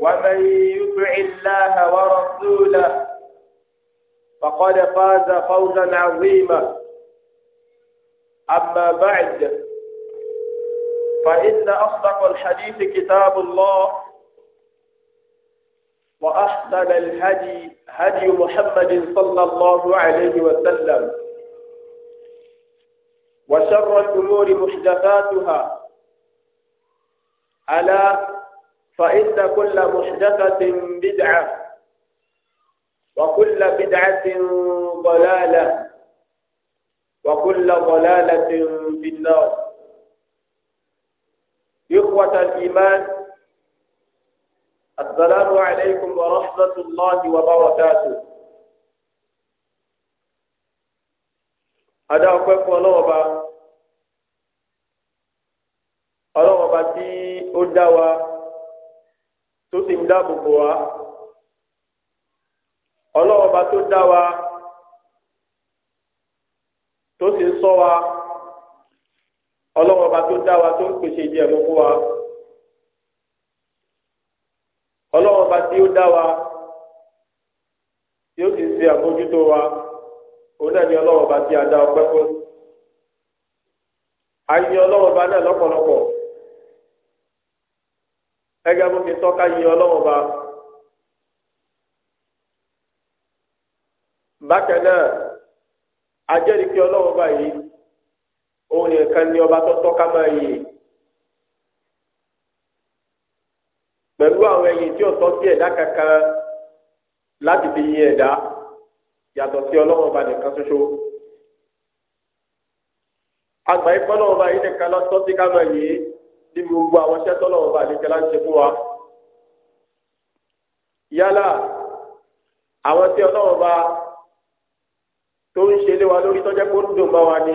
ومن يطع الله ورسوله فقد فاز فوزا عظيما أما بعد فإن أصدق الحديث كتاب الله وأحسن الهدي هدي محمد صلى الله عليه وسلم وشر الأمور محدثاتها ألا فإن كل محدثة بدعة وكل بدعة ضلالة وكل ضلالة في النار إخوة الإيمان السلام عليكم ورحمة الله وبركاته هذا أقف ولوبا ولوبا تي أدوى tó sì ń dáàbò bò wá ọlọ́ọ̀ba tó dá wa tó sì ń ṣọ́ wa ọlọ́ọ̀ba tó dá wa tó ń pèsè ìdí ẹ̀mú fún wa ọlọ́ọ̀ba tí ó dá wa tí ó sì ṣe àmójútó wa òun náà ni ọlọ́ọ̀ba tí a dá ọpẹ́ fún àyè ọlọ́ọ̀ba náà lọ́pọ̀lọpọ̀. gẹ́gẹ́ bó fi tọ́ka yin ọlọ́run ba bákan náà ajẹ́rìí kí ọlọ́run ba yìí òun nìkan ni ọba tó tọ́ka máa yìí pẹ̀lú àwọn ẹyin tí ó tọ́ sí ẹ̀dá kankan láti fi yin ẹ̀dá yàtọ̀ sí ọlọ́run ọba nìkan ṣoṣo àgbà níbi gbogbo àwọn iṣẹ́ tọ́lọ̀ wọn bá àdékẹ́lá ń ṣe fún wa. yálà àwọn tí ọlọ́wọ́n bá tó ń ṣe lé wa lórí tọ́jẹ́ kó ń dùn bá wa ni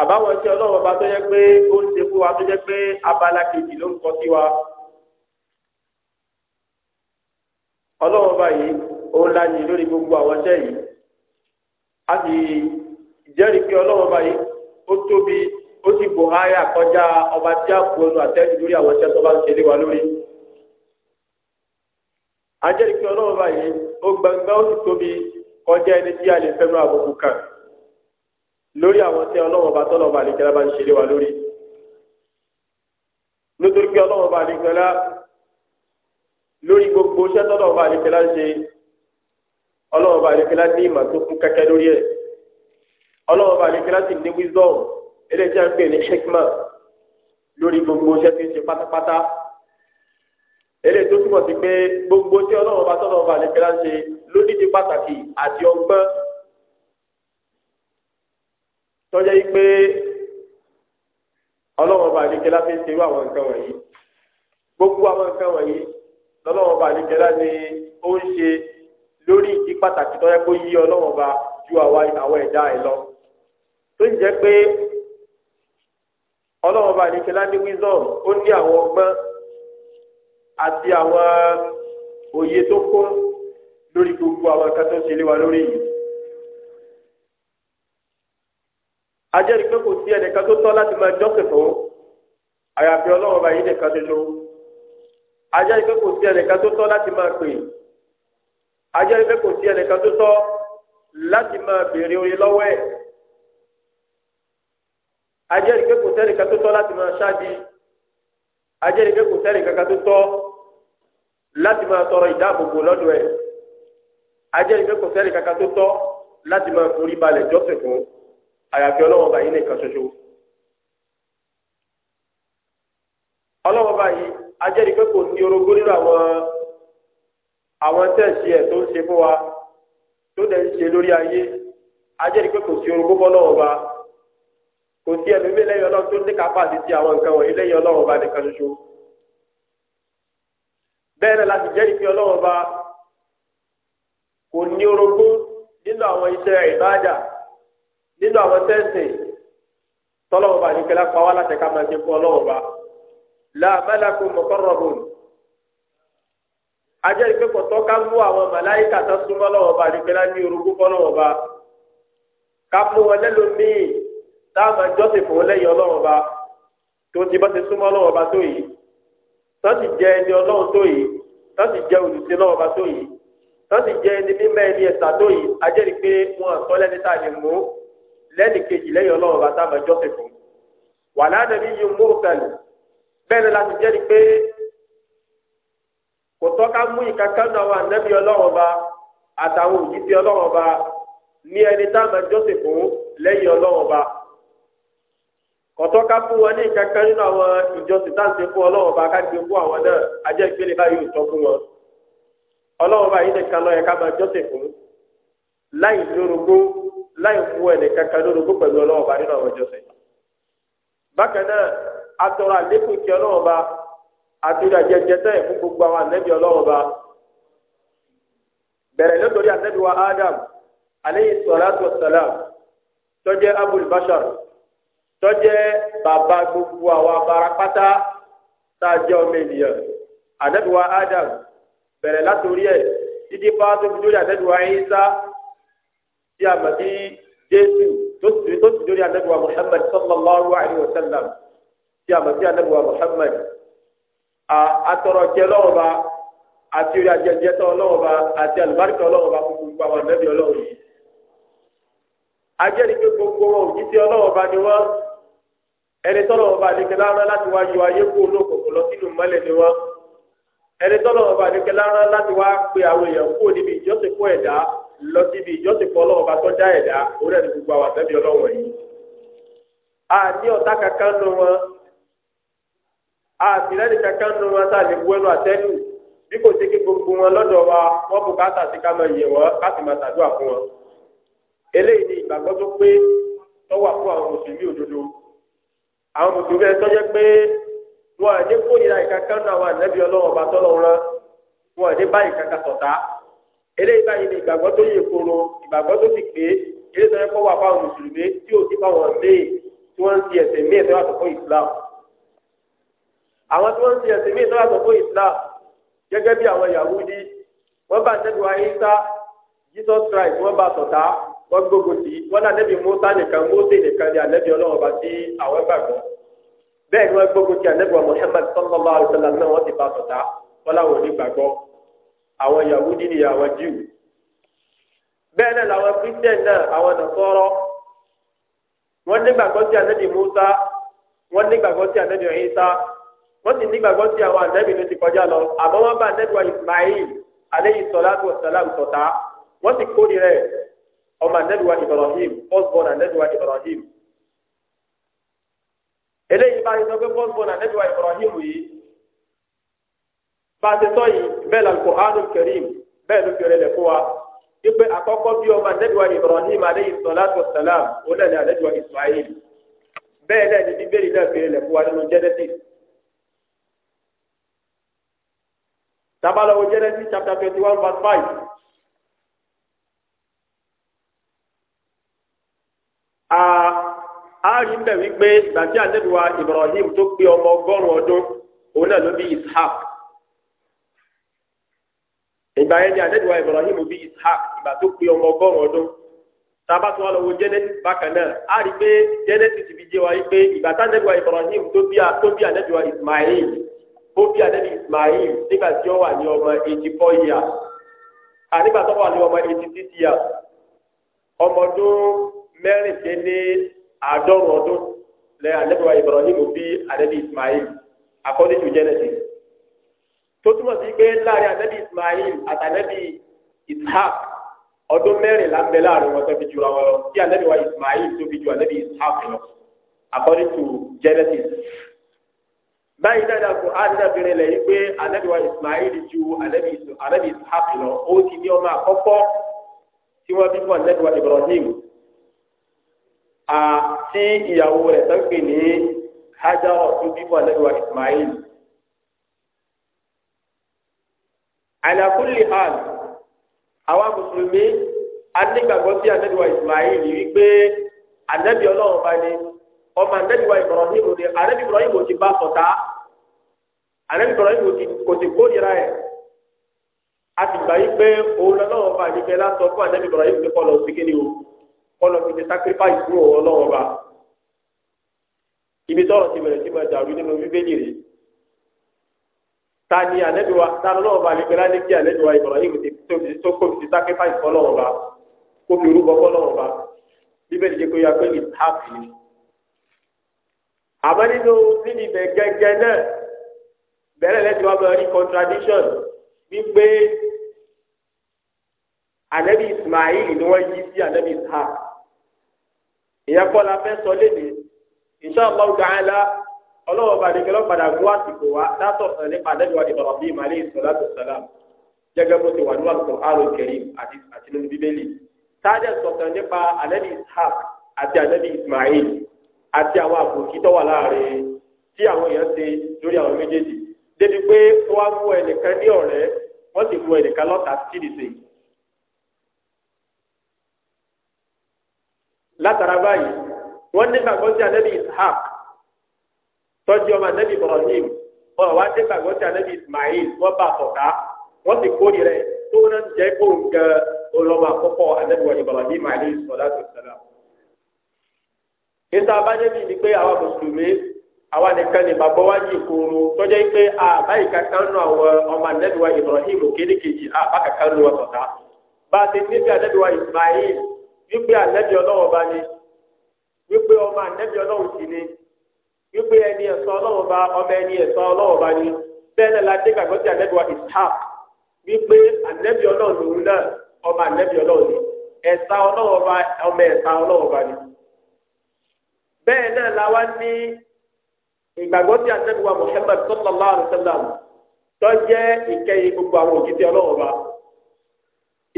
àbáwọn iṣẹ́ ọlọ́wọ́n bá tọ́jẹ́ pé ó ń ṣe fún wa tọ́jẹ́ pé abala kejì ló ń kọ sí wa. ọlọ́wọ́n bá yìí ó ń láyè lórí gbogbo àwọn iṣẹ́ yìí a sì jẹ́rìí pé ọlọ́wọ́n bá yìí ó tóbi ó sì bò háyà kọjá ọba tí a kú ọnu àtẹ́jú lórí àwọn iṣẹ́ tó bá ń ṣe lé wa lórí. ajẹ́rìí pé ọlọ́run báyìí ó gbangba ó sì tóbi kọjá ẹni tí a lè fẹ́nu àbùkù kan lórí àwọn tí ọlọ́run ọba tọ́lọ̀ ọba àlejò bá ń ṣe lé wa lórí. nítorí pé ọlọ́run ọba àlejò lórí gbogbo iṣẹ́ tọ́lọ̀ ọba àlejò ń ṣe ọlọ́run ọba àlejò ní ìmọ̀ tó kún kẹ́kẹ́ lórí ẹ̀ ọlọ́run ọba àlejò ti ní wisdom eléyìí tí a ń pè ní hikma lórí gbogbo iṣẹ́ tí ń ṣe pátápátá eléyìí tó túbọ̀ sí pé gbogbo tí ọlọ́run bá tọ́lọ́ ọba àlejò láti ṣe lódìdí pàtàkì àti ọgbọ́n tọ́jà yìí pé ọlọ́run ọba àlejò láti ṣe irú àwọn nǹkan wọ̀nyí gbogbo àwọn nǹkan wọ̀nyí lọ́lọ́run ọba àlejò láti ó ń ṣe lórí ìdí pàtàkì tọ́jà pé yí ọlọ́run ọba ju àwa ẹ̀dá ẹ̀ lọ tó ń jẹ́ pé ọlọ́run bá ní kílá ní wisdom ó ní àwọn ọgbọ́n àti àwọn òye tó kó lórí gbogbo àwọn nǹkan tó ń ṣẹlẹ̀ wa lórí yìí. ajẹ́rìí pé kò sí ẹnìkan tó tọ́ láti máa jọ́sìn fún àyàfi ọlọ́run bá yìí nìkan ṣoṣo ajẹ́rìí pé kò sí ẹnìkan tó tọ́ láti máa pè ajẹ́rìí pé kò sí ẹnìkan tó tọ́ láti máa béèrè orin lọ́wọ́ ẹ̀ ajẹ́rìí pé kò sẹ́ni kan tó tọ́ láti máa ṣáàdì ajẹ́rìí pé kò sẹ́ni kankan tó tọ́ láti máa tọrọ ìdáàbòbò lọ́dọ̀ ẹ̀ ajẹ́rìí pé kò sẹ́ni kankan tó tọ́ láti máa forí balẹ̀ jọ́sìn fún àyàfi ọlọ́wọ́n báyìí nìkan ṣoṣo. ọlọ́wọ́n báyìí ajẹ́rìí pé kò sí orogún nínú àwọn àwọn tẹ́ẹ̀sì ẹ̀ tó ń ṣe fún wa tó dẹ̀ ń ṣe lórí ayé ajẹ́rìí pé kò sí orogún fọ́lọ́wọ́n báyìí kò sí ẹ̀mí mi lẹ́yìn ọlọ́run tó ní kápá àti ti àwọn nǹkan wọ̀nyí lẹ́yìn ọlọ́run ọba nìkan ṣoṣo bẹ́ẹ̀ náà láti jẹ́rìí pé ọlọ́run ọba kò ní orogún nínú àwọn iṣẹ́ ìbáàjà nínú àwọn tẹ́sìn tọ́lọ́run ọba nìkan lápá wá láti ká máa ṣe fún ọlọ́run ọba la malakun muqarrabun ajẹ́ ìpẹ́kọ̀ tó ká mú àwọn màláìkà tó súnmọ́ lọ́wọ́ ọba nìkan lá ní orogún fọ́lọ́run ọba ká mú táàmù jọ́sìn fún lẹ́yìn ọlọ́run ọba tó ti bá ti súnmọ́ ọlọ́run ọba tó yìí tó ti jẹ ẹni ọlọ́run tó yìí tó ti jẹ olùsí ọlọ́run ọba tó yìí tó ti jẹ ẹni mímọ́ ẹni ẹ̀sà tó yìí ajẹ́rì pé wọn àtọ́ lẹ́ni tá a lè mú lẹ́ni kejì lẹ́yìn ọlọ́run ọba táàmù jọ́sìn fún wàlá nàbí yìí mú kàlù bẹ́ẹ̀ ni láti jẹ́rìí pé kò tọ́ ká mú ìkankan náà wà nẹ́bí ọlọ́run ọba àtàwọn òjíṣẹ́ ọlọ́run ọba ní ẹni táàmù jọ́sìn fún lẹ́yìn ọlọ́run ọba kọtọ ká wọn ní ìkẹkẹ nínú àwọn ìjọsìn táǹtì fún ọlọ́run bá ká gbé fún àwọn náà ajẹ ìpele báyìí ò tọ́ fún wọn ọlọ́run bá yìí nìkan lọ yẹ ká máa jọ́sìn fún láì lórogó láì fún lórogó pẹ̀lú bá nínú àwọn bákan náà atọrọ bá fún gbogbo àwọn bá bẹ̀rẹ̀ tọ́jẹ́ bàbá gbogbo àwọn abara pátá tá a jẹ́ ọmọ ènìyàn àdẹ́dùwà Adam bẹ̀rẹ̀ látòrí ẹ̀ títí bá tó fi dórí àdẹ́dùwà Ìsá tí a mọ̀ sí Jésù tó sì dórí àdẹ́dùwà Muhammad sallallahu alayhi wa sallam tí a mọ̀ sí àdẹ́dùwà Muhammad àtọ̀rọ̀ jẹ́ lọ́wọ́ bá àti orí ajẹjẹ tọ́ lọ́wọ́ bá àti àlùbáríkà ọlọ́wọ́ bá fún gbogbo àwọn àdẹ́bí ọlọ́wọ́ yìí ajẹ́rìí pé gbogbo wọn òjíṣẹ́ ọlọ́wọ́ bá ni wọ́n ẹni tọ́lọ̀ ọba àdékẹ́ lára láti wá yọ ayé kó olókòkò lọ sínú mọ́lẹ̀ ni wọ́n ẹni tọ́lọ̀ ọba àdékẹ́ lára láti wá pe àwọn èèyàn kó níbi ìjọsìn fún ẹ̀dá lọ síbi ìjọsìn fún ọlọ́wọ́ bá tó dá ẹ̀dá orí ẹni gbogbo àwọn àtẹ́bí ọlọ́wọ́ yìí. a ní ọ̀tá kankan nu wọn a sì lẹ́nu kankan nu wọn tá a lè bu ẹnu àtẹ́nu bí kò sí kí gbogbo wọn lọ́dọ̀ wa wọ́n bu káàtà sí ká máa yẹ wọn ká sì máa tàdúrà fún wọn. eléyìí ni ìgbàgbọ́ tó pé tọ́wà fún àwọn mùsùlùmí òdodo àwọn mùsùlùmí ẹ tọ́jẹ́ pé wọn àdé kórìíra ìkankan náà wà nẹ́bí ọlọ́wọ́ bá tọ́lọ̀ wọn wọn àdé báyìí kankan sọ̀tá eléyìí báyìí ni ìgbàgbọ́ tó yẹ kóró ìgbàgbọ́ tó ti pé eléyìí tó yẹ kó wà fáwọn mùsùlùmí tí ò sí fáwọn míì tí wọ́n ń ti ẹ̀sìn míì tó yàtọ̀ fún Islam àwọn tí wọ́n ń ti ẹ̀sìn míì tó yàtọ̀ fún Islam gẹ́gẹ́ bí àwọn Yahudi wọ́n bá nẹ́bí wa Isa Jesus Christ wọ́n bá sọ̀tá wọ́n gbogbo sí wọ́n ní ànábì Musa nìkan Mósè nìkan ní ànábì Ọlọ́run bá sí àwọn gbàgbọ́ bẹ́ẹ̀ ni wọ́n gbogbo sí ànábì Muhammad sallallahu alaihi wasallam náà wọ́n ti bá sọ̀tá wọ́n láwọn onígbàgbọ́ àwọn Yahudi ni àwọn Jew bẹ́ẹ̀ náà làwọn Christian náà àwọn nàkọ́rọ́ wọ́n nígbàgbọ́ sí ànábì Musa wọ́n nígbàgbọ́ sí ànábì Isa wọ́n sì nígbàgbọ́ sí àwọn ànábì ló ti kọjá lọ àmọ́ wọ́n bá ànábì wa Ismail aleyhi sọlá tó sọlá ọmọ anẹ́dùwà Ibrahim firstborn anẹ́dùwà Ibrahim eléyìí bá yẹn sọ pé firstborn anẹ́dùwà Ibrahim yìí bá a ti sọ yìí bẹ́ẹ̀ la Al-Qur'anul Karim bẹ́ẹ̀ ló fèrè lẹ̀ fún wa ipe àkọ́kọ́ bí ọmọ anẹ́dùwà Ibrahim aleyhi salatu salam òun náà ni anẹ́dùwà Ismail bẹ́ẹ̀ náà ni bíbélì náà fèrè lẹ̀ fún wa nínú Genesis tabalọ̀wọ̀ Genesis chapter twenty one verse five. a rí bẹ̀ wípé ìgbà tí ànábì wa Ibrahim tó pé ọmọ ọgọ́rùn-ún ọdún òun náà ló bí Ishaq ìgbà yẹn ni ànábì wa Ibrahim bí Ishaq ìgbà tó pé ọmọ ọgọ́rùn-ún ọdún tába tó wà lọ wo genesis bákan náà a rí pé genesis fi jẹ́ wa yí pé ìgbà tá ànábì wa Ibrahim tó bí tó bí ànábì wa Ismail tó bí ànábì Ismail nígbà tí ó wà ní ọmọ eighty four years ànígbà tó wà ní ọmọ eighty six years ọmọ ọdún mẹ́rìndínlẹ́ àádọ́rùn ọdún lẹ́yìn alẹ́bíwá Ibrahim bí alẹ́bí Ismail according to Genesis tó túmọ̀ sí pé láàrin alẹ́bí Ismail àtàlẹ́bí Ishaq ọdún mẹ́rìnlá ń bẹ láàrin wọn tó fi jura wọn lọ tí alẹ́bíwá Ismail tó fi ju alẹ́bí Ishaq lọ according to Genesis báyìí dáadáa kò ádàbìrin lẹ́yìn pé alẹ́bíwá Ismail ju alẹ́bí Ishaq lọ ó ti ní ọmọ àkọ́kọ́ tí wọ́n bí fún alẹ́bíwá Ibrahim a tí ìyàwó rẹ̀ tó pè ní Hajarọ̀ tó bí fún àlejò Ismail. ala kulli hal àwa mùsùlùmí anígbàgbọ́ sí àlejò Ismail wípé ànábì ọlọ́run bá ní ọmọ ànábì wa Ibrahim ní ànábì Ibrahim ti bá sọ̀tá ànábì Ibrahim kò ti kórìíra ẹ̀ a ti gbà yí pé òun lọ́wọ́ bá yí pé lásán fún ànábì Ibrahim ní kọ́ lọ sí kíni o kọlọ fi ti sacrifice fún òun ọlọ́run ba ibi tọrọ ti bẹ̀rẹ̀ sí máa dàrú nínú bíbélì rẹ̀ ta ni anabiwa ta ni ọlọ́run ba lè gbẹlá ní kí anabiwa Ibrahim ti tó kó fi ti sacrifice fún ọlọ́run ba kó fi rúbọ fún ọlọ́run ba bíbélì jẹ́ kó yá pé ìtàkì ni àmọ́ nínú níbi ibẹ̀ gẹ́gẹ́ náà bẹ̀rẹ̀ lẹ́tọ̀ wá bẹ̀rẹ̀ ní contradiction wípé anabi Ismail ni wọ́n yí sí anabi Ishaq ìyẹn kọ́ la fẹ́ sọ léde insha Allah ta'ala ọlọ́wọ́ bá dikẹ́ lọ́padà gbọ́ àsìkò wa látọ̀sán nípa àdẹ́gbẹ̀wá Ibrahim alayhi salatu wassalam gẹ́gẹ́ bó ti wà nínú àlùkò àrùn kẹrin àti nínú bíbélì tájà sọ̀tàn nípa ànábì Ishaq àti ànábì Ismail àti àwọn àbòkí tó wà láàrin tí àwọn èèyàn ṣe lórí àwọn méjèèjì débi pé wọ́n á mú ẹnìkan ní ọ̀rẹ́ wọ́n sì mú ẹnìkan lọ́tà sídìsì látara báyìí wọ́n ní gbàgbọ́ sí anabi ishaq tọ́jú ọmọ anabi ibrahim wọ́n wá ní gbàgbọ́ sí anabi ismail wọ́n bá sọ̀dá wọ́n ti kórè rẹ̀ tó náà ń jẹ́ kó nga olọ́mọ àkọ́kọ́ anabi wa ibrahim alayhi salatu wassalam. níta abájẹ́bí ni pé àwa mùsùlùmí àwa nìkan ni bàbá wa yìí kúrú tọ́jú pé àbá ìkàkà nù àwọn ọmọ anabi wa ibrahim kéde kejì àbá kàkà nù wọn sọ̀dá bá a ti níbi anabi wa ismail wípé ànẹ́bí ọlọ́wọ́ bá ní wípé ọmọ ànẹ́bí ọlọ́wọ́ sì ní wípé ẹni ẹ̀sọ́ ọlọ́wọ́ bá ọmọ ẹni ẹ̀sọ́ ọlọ́wọ́ bá ní bẹ́ẹ̀ náà la gbàgbọ́ sí wa wípé lòun náà ọmọ ní bá ọmọ bá ní. bẹ́ẹ̀ náà la wá ní ìgbàgbọ́ sí wa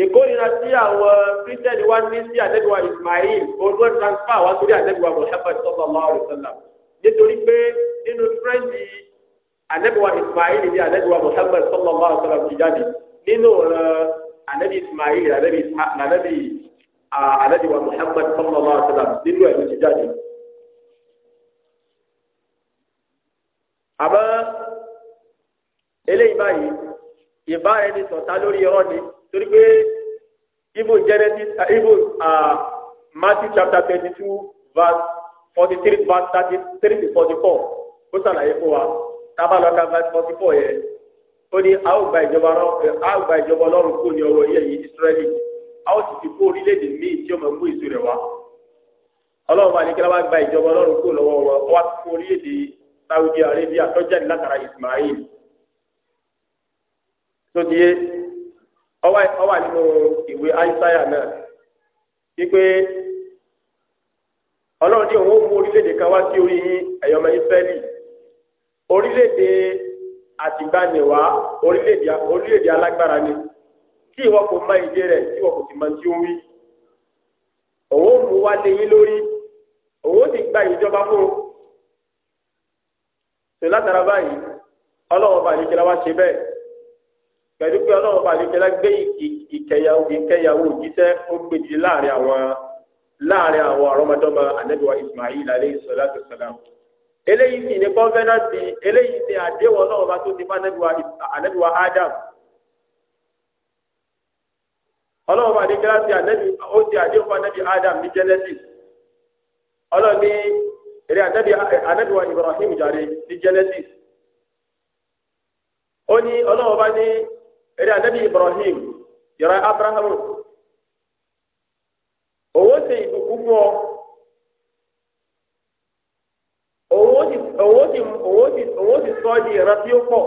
ìkórìíra tí àwọn kírísítẹ́nì wá ní sí àdẹ́gbẹ̀wá Ismail olú transfer wá sórí àdẹ́gbẹ̀wá Muhammad sallallahu alaihi wasallam nítorí pé nínú fúrẹ́ǹdì àdẹ́gbẹ̀wá Ismail ní àdẹ́gbẹ̀wá Muhammad sallallahu alaihi wasallam ti jáde nínú ànábì Ismail ànábì ànábì àdẹ́gbẹ̀wá Muhammad sallallahu alaihi wasallam nínú ẹ̀ ló ti jáde. àmọ́ eléyìí báyìí ìbára ẹni sọ̀tá lórí irọ́ torí pé ibo genesis ibo uh, uh, matthew chapter twenty two verse forty three verse thirty three to forty four ó ṣàlàyé fún wa tábà lọ verse forty four yẹn ó ní a ó gba ìjọba eh, ọlọ́run kó ní ọwọ́ yẹ yìí israẹli a ó sì fi kó orílẹ̀-èdè míì tí ó máa mú ìṣú rẹ̀ wá ọlọ́run bá ní kí wọ́n gba ìjọba ọlọ́run kó lọ́wọ́ wọn wá fún orílẹ̀-èdè Saudi Arabia tó jáde látara Ismail tó di yé ọwà nínú ìwé àìsáyà náà wípé ọlọ́run ní òun ó mú orílẹ̀-èdè kan wá sí orí ẹ̀yọ́mọ ìsírẹ́lì orílẹ̀-èdè àtìgbànìwá orílẹ̀-èdè alágbára ni tí ìwọ kò mọ ìdí rẹ̀ tí ìwọ kò sì mọ tí ó ń wí òun ó mú wá lé yín lórí òun ó sì gba ìjọba fún un tòlátara báyìí ọlọ́run bá ní kí wá ṣe bẹ́ẹ̀. pẹ̀lú pé ọlọ́run bá àlejò lágbé ìkẹyàwó ìkẹyàwó òjíṣẹ́ ó gbèdì láàrin àwọn láàrin àwọn àrọ́mọdọ́mọ anabiwa Ismail aleyhi salatu salam eléyìí sì ní eléyìí sì àdéhùn ti fún Adam ọlọ́run bá ó ti anabi Adam ní Genesis ọlọ́run ní eré anabiwa Ibrahim jàre ní Genesis ó ní ẹ̀rí ànábì Ibrahim yọrọ Abrahamu owó ṣe ìbùkún fún ọ owó ti owó ti owó ti owó ti sọ di ìran tí ó pọ̀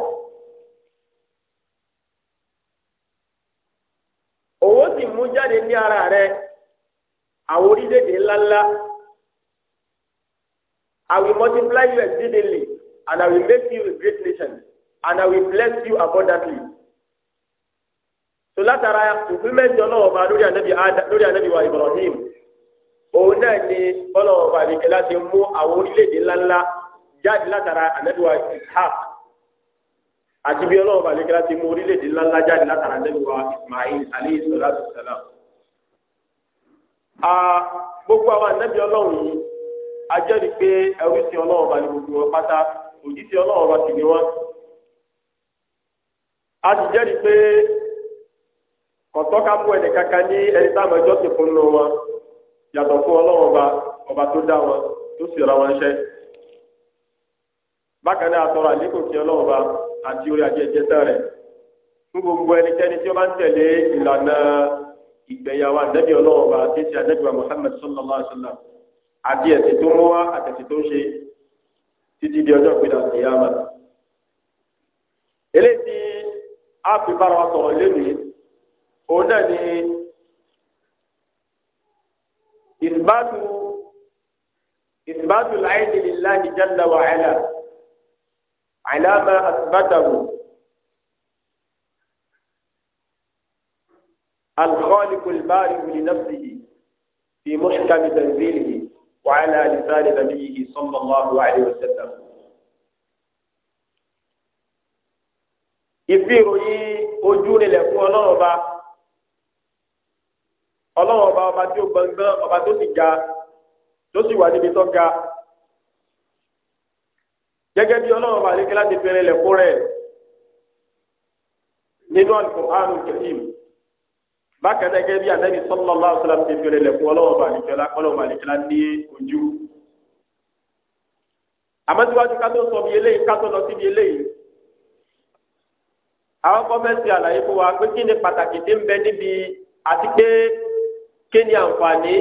owó ti mú jáde ní ara rẹ àwọn orílẹ̀-èdè ńláńlá I will multiply you exceedingly and I will make you a great nation and I will bless you abundantly. tó látara òfin mẹ́jọ náà lórí ànábì wa Ibrahim òun náà ni ọba àbíkẹ́ láti mú àwọn orílẹ̀-èdè ńláńlá jáde látara ànábì wa Ishaq àti bí àbíkẹ́ láti mú orílẹ̀-èdè ńláńlá jáde látara ànábì wa Ismail alayhi salatu salam. gbogbo àwọn ànábì ọlọ́run yìí ajẹ́rì pé sí gbogbo wọn pátá a jẹ́rìí pé kọ̀tọ́ ká bú ẹnì kankan ní ẹni táwọn ẹjọ́ ti fún nù wọn yàtọ̀ fún ọlọ́wọ́n ọba ọba tó dá wọn tó sì ra wọn ṣẹ́ bákan náà àtọ́rọ̀ àlékò kí ọlọ́wọ́n ọba àti orí ajẹjẹ tán rẹ̀ fún gbogbo ẹnikẹ́ni tí ó bá ń tẹ̀lé ìlànà ìgbéyàwó àdẹ́bí ọlọ́wọ́n ọba àti ti àdẹ́bí wa Muhammad sallallahu alaihi wa sallam àti ẹ̀sìn tó mú wá àtẹ̀sìn tó ń ṣe títí di ọjọ́ ìpínlẹ̀ àtìyámà eléyìí tí a fi bára wa sọ̀rọ̀ lónìí òun náà ni ìsìbáàtù ìsìbáàtù láìní lillahi jalla wa ala ala ma asbatahu الخالق البارئ لنفسه في محكم تنزيله وعلى لسان نبيه صلى الله عليه وسلم ìfi ìròyìn ojú nílẹ̀ fún ọlọ́run bá ọlọ́run ọba ọba tí ó gbọ̀ngàn ọba tó sì ga tó sì wà níbi tó ga gẹ́gẹ́ bí ọlọ́run ọba àlékè láti fẹ́rẹ̀ lẹ́kọ́ rẹ̀ nínú Al-Qur'anul Karim bákan náà gẹ́gẹ́ bí Ànábì sallallahu alaihi wasallam ti fẹ́rẹ̀ lẹ́kọ́ ọlọ́run ọba àlékè lá ọlọ́run ọba àlékè lá ní ojú. àmọ́ síwájú ká tó sọ bí eléyìí ká tó lọ síbi eléyìí àwọn kọ́fẹ́sì àlàyé fún wa pé kí ni pàtàkì tí ń bẹ níbi àti pé kí ni àǹfààní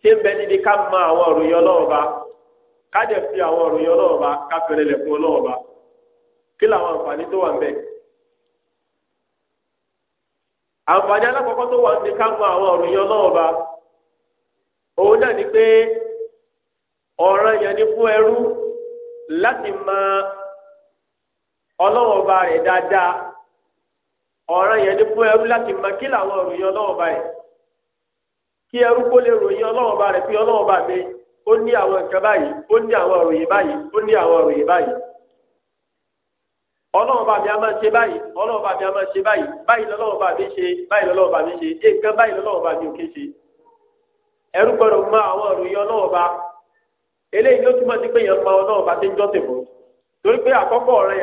tí ń bẹ níbi ká mọ àwọn òròyìn ọlọ́run ká dẹ̀ fi àwọn òròyìn ọlọ́run ká fẹ̀rẹ̀ lẹ̀ fún kí làwọn àǹfààní tó wà ń bẹ. àǹfààní alákọ̀ọ́kọ́ tó wà ní ká mọ àwọn òròyìn ọlọ́run òun náà ni pé ọ̀ràn yẹn ni fún ẹrú kí ẹrú kó lè ròyìn ọlọ́run bá rẹ̀ pé ọlọ́run bá mi ó ní àwọn nǹkan báyìí ó ní àwọn òròyìn báyìí ó ní àwọn òròyìn báyìí ọlọ́run bá mi a máa ṣe báyìí ọlọ́run bá mi a máa ṣe báyìí báyìí lọ́lọ́run bá mi ṣe báyìí lọ́lọ́run bá mi ṣe é nǹkan báyìí lọ́lọ́run bá mi ò ké ṣe ẹrú mọ àwọn òròyìn bá eléyìí ló túmọ̀ sí pé yẹn mọ bá ti ń jọ́sìn fún torí pé àkọ́kọ́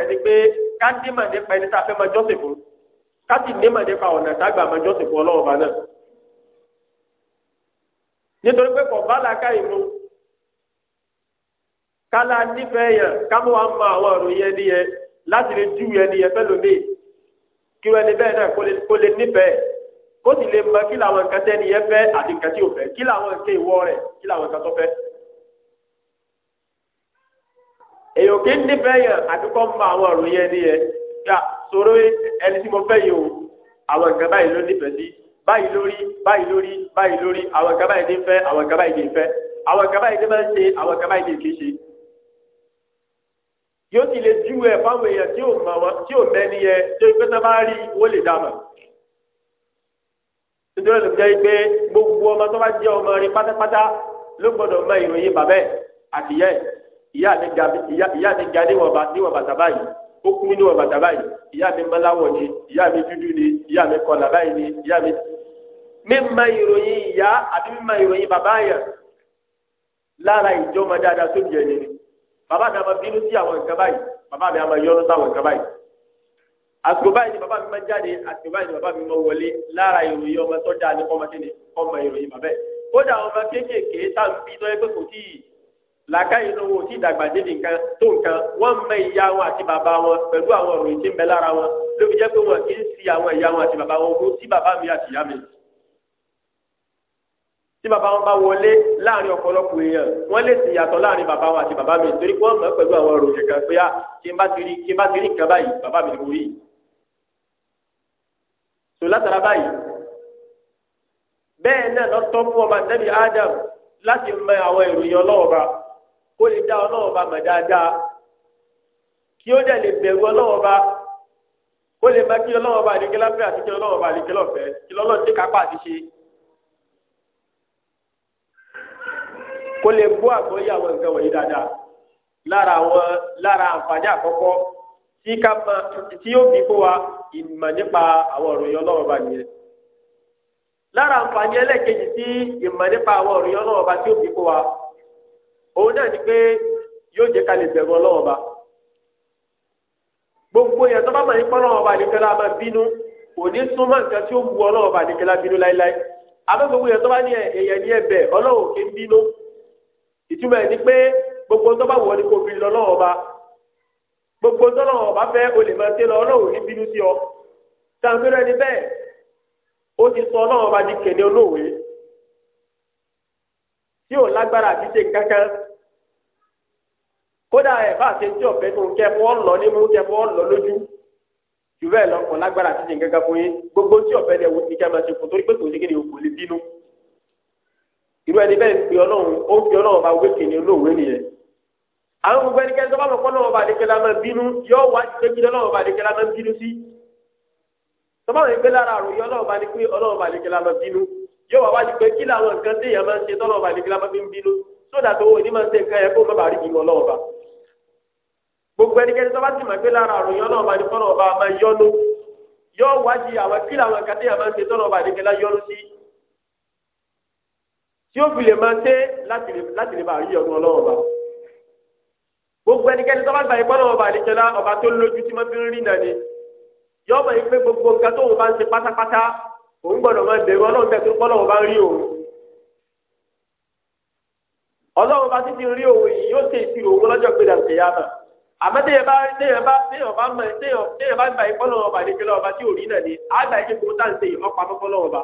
yẹn nítorí pé kò bá làákà ìlú kálá nífẹ̀ẹ́ yẹn kámú wa mọ àwọn ìròyìn ẹni yẹn láti lè ju ẹni yẹn fẹ́ẹ́ lómi kí wọ́n ẹni bẹ́ẹ̀ náà kó lè nífẹ̀ẹ́ kó sì lè mọ kí làwọn nǹkan tẹ́ ẹni yẹn fẹ́ àti nǹkan tí ò fẹ́ kí làwọn nǹkan ìwọ rẹ̀ kí làwọn nǹkan tó fẹ́. èyàn kì í nífẹ̀ẹ́ yẹn àti kọ́ mọ àwọn ìròyìn ẹni yẹn sọ̀rọ̀ ẹni tí mo fẹ́ yìí o àwọn nǹkan báyìí ló nífẹ̀ẹ́ báyìí lórí báyìí lórí báyìí lórí àwọn ìkàbá ìdí ń fẹ́ àwọn ìkàbá ìdí ń fẹ́ àwọn ìkàbá ìdí máa ń ṣe àwọn ìkàbá ìdí kì í ṣe. yóò ti lè ju ẹ fáwọn èèyàn tí ò mọ wọn tí ò mẹni yẹ tó pé tá bá rí owó lè dà mọ. nítorí ló jẹ́ pé gbogbo ọmọ tó bá jẹ́ ọmọ rí pátápátá ló gbọ́dọ̀ mọ ìròyìn bàbá ẹ̀ àti ìyá ẹ̀ ìyá mi ga níwọ̀n bàtà báyìí ó kú níwọ̀n bàtà báyìí ìyá mi mọ́láwọ̀ ni ìyá mi dúdú ni ìyá mi kọlà báyìí ni ìyá mi mímọ ìròyìn ìyá àbí mímọ ìròyìn bàbá yẹn lára ìjọmọ dáadáa tó jẹ nínú bàbá mi a máa bínú sí àwọn nǹkan báyìí bàbá mi a máa yọnu sáwọn nǹkan báyìí àsìkò báyìí ni bàbá mi máa jáde àsìkò báyìí ni bàbá mi máa wọlé lára ìròyìn ọmọ tó dáa ní kọ́mọkí ni kọ́mọ ìròyìn bàbẹ́ kódà àwọn ọmọ kéékèèké tá à ń bí lọ́yẹ́ pé kò tí ì làákàyè ló wò tí ìdàgbà débi nǹkan tó nǹkan wọ́n mọ ìyá wọn àti bàbá wọn pẹ̀lú àwọn ìròyìn tí ń bẹ lára wọn ló fi pé wọn kì í si àwọn ìyá wọn àti bàbá wọn kó tí bàbá mi àti ìyá mi tí bàbá wọn bá wọlé láàrin ọ̀pọ̀lọpọ̀ èèyàn wọ́n lè sì yàtọ̀ láàrin bàbá wọn àti bàbá mi torí pé wọ́n mọ̀ pẹ̀lú àwọn òròyìn kan pé kí n bá ti rí kí n bá ti rí nǹkan báyìí bàbá mi lórí. sò látara báyìí bẹ́ẹ̀ náà lọ́tọ́ fún ọba nẹ́bí Adam láti mọ àwọn ìròyìn ọlọ́ọ̀ba kó lè dá ọlọ́ọ̀ba mọ̀ dáadáa kí ó dẹ̀ lè bẹ̀rù ọlọ́ọ̀ba kó lè mọ kí ọlọ́ọ̀ba àdìgẹ́lá kó lè bó ya àwọn nǹkan wọ̀nyí dáadáa lára àwọn lára àǹfààní àkọ́kọ́ tí ká mọ tí yóò bí fún wa ìmọ̀ nípa àwọn òròyìn ọlọ́wọ́ bá nìyẹn lára àǹfààní ẹlẹ́ẹ̀kejì tí ìmọ̀ nípa àwọn òròyìn ọlọ́wọ́ tí yóò bí fún wa òun náà ni pé yóò jẹ́ ká lè bẹ̀rù gbogbo tó bá mọ̀ nípa nìkan lá máa bínú súnmọ́ nǹkan tí ó wu gbogbo tó bá ní èèyàn ní ẹ̀bẹ̀ ìtumọ̀ ẹ̀ ni pé gbogbo tó bá wọ̀ ni kò fi lọ lọ́wọ́ ba gbogbo tó lọ́wọ́ bá fẹ́ o lè máa ṣe lọ ọlọ́wọ́ ní bínú sí ọ tàǹfẹ́rẹ́ ni bẹ́ẹ̀ ó ti sọ ọlọ́wọ́ bá di kẹ̀lé olóòwe tí ò lágbára àti ṣe kankan kódà ẹ̀ bá ṣe tí ọ̀fẹ́ tó ń kẹ́ fọ́ lọ ní mú kẹ́ fọ́ lọ lójú jù bẹ́ẹ̀ lọ kọ̀ lágbára àti ṣe kankan fún yín gbogbo tí ọ̀fẹ́ lẹ̀ wò ní kẹ́ irú ẹni bẹ́ẹ̀ fi ọlọ́run ó fi ọlọ́run bá wé kìnìún lóòwé nìyẹn àwọn gbogbo ẹni kẹ́ńtọ́ bá mọ̀ kọ́ lọ́wọ́ bá adékẹ́lá máa bínú yọ wá pé kí lọ́wọ́ bá adékẹ́lá máa bínú sí tọ́ba wọn gbé lára àròyé ọlọ́wọ́ bá ní pé ọlọ́wọ́ bá adékẹ́lá máa bínú yọ wá wájú pé kí làwọn nǹkan téèyàn máa ń ṣe tọ́lọ́wọ́ bá adékẹ́lá máa fi ń bínú sódà tó wọ́n ní máa ń ṣe nǹkan yẹn kó má bàa rí bínú ọlọ́wọ́ bá gbogbo ẹni kẹ́ńtọ́ bá ti mọ̀ pé lára àròyé ọlọ́wọ́ bá ní kọ́lọ́wọ́ bá máa yọ́nú yọ wájú àwọn kí tí ó fi lè máa ṣe láti lè bá àrí ọdún ọlọ́wọ́ bá gbogbo ẹnikẹ́ni tó bá gba ìpọ́n náà ọba àdìjọ́lá ọba tó lójú tí wọ́n fi ń rí náà ni yọ ọmọ yìí pé gbogbo nǹkan bá ń ṣe ọba ń rí òun ọlọ́run bá títí rí òun yìí yóò ṣe ìṣirò lọ́jọ́ gbé dàgbé àmọ́ gba ìpọ́n náà ọba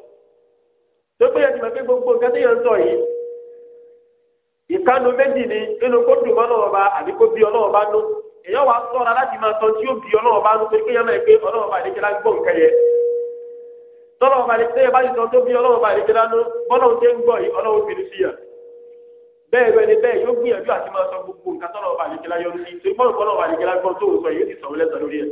tó pé yẹn ti mọ̀ pé gbogbo nǹkan téèyàn ń sọ yìí ìkanu méjì ni nínú kó dùn mọ́ ọlọ́wọ́ bá àbí kó bí ọlọ́wọ́ bá nú èèyàn wá sọ́ra láti máa sọ tí ó bí ọlọ́wọ́ bá nú pé kéèyàn náà gbé ọlọ́wọ́ bá àdékẹ́lá gbọ́ nǹkan yẹn tọ́lọ́wọ́ bá àdékẹ́lá bá ti sọ tó bí ọlọ́wọ́ bá àdékẹ́lá nú bọ́lọ́wọ́ tẹ́ ń gbọ́ yìí ọlọ́wọ́ bìrì sí yà bẹ́ẹ̀ bẹ́ẹ̀ ni bẹ́ẹ̀ yóò gbìyànjú àti máa sọ gbogbo nǹkan tọ́lọ́wọ́ bá àdékẹ́lá yọ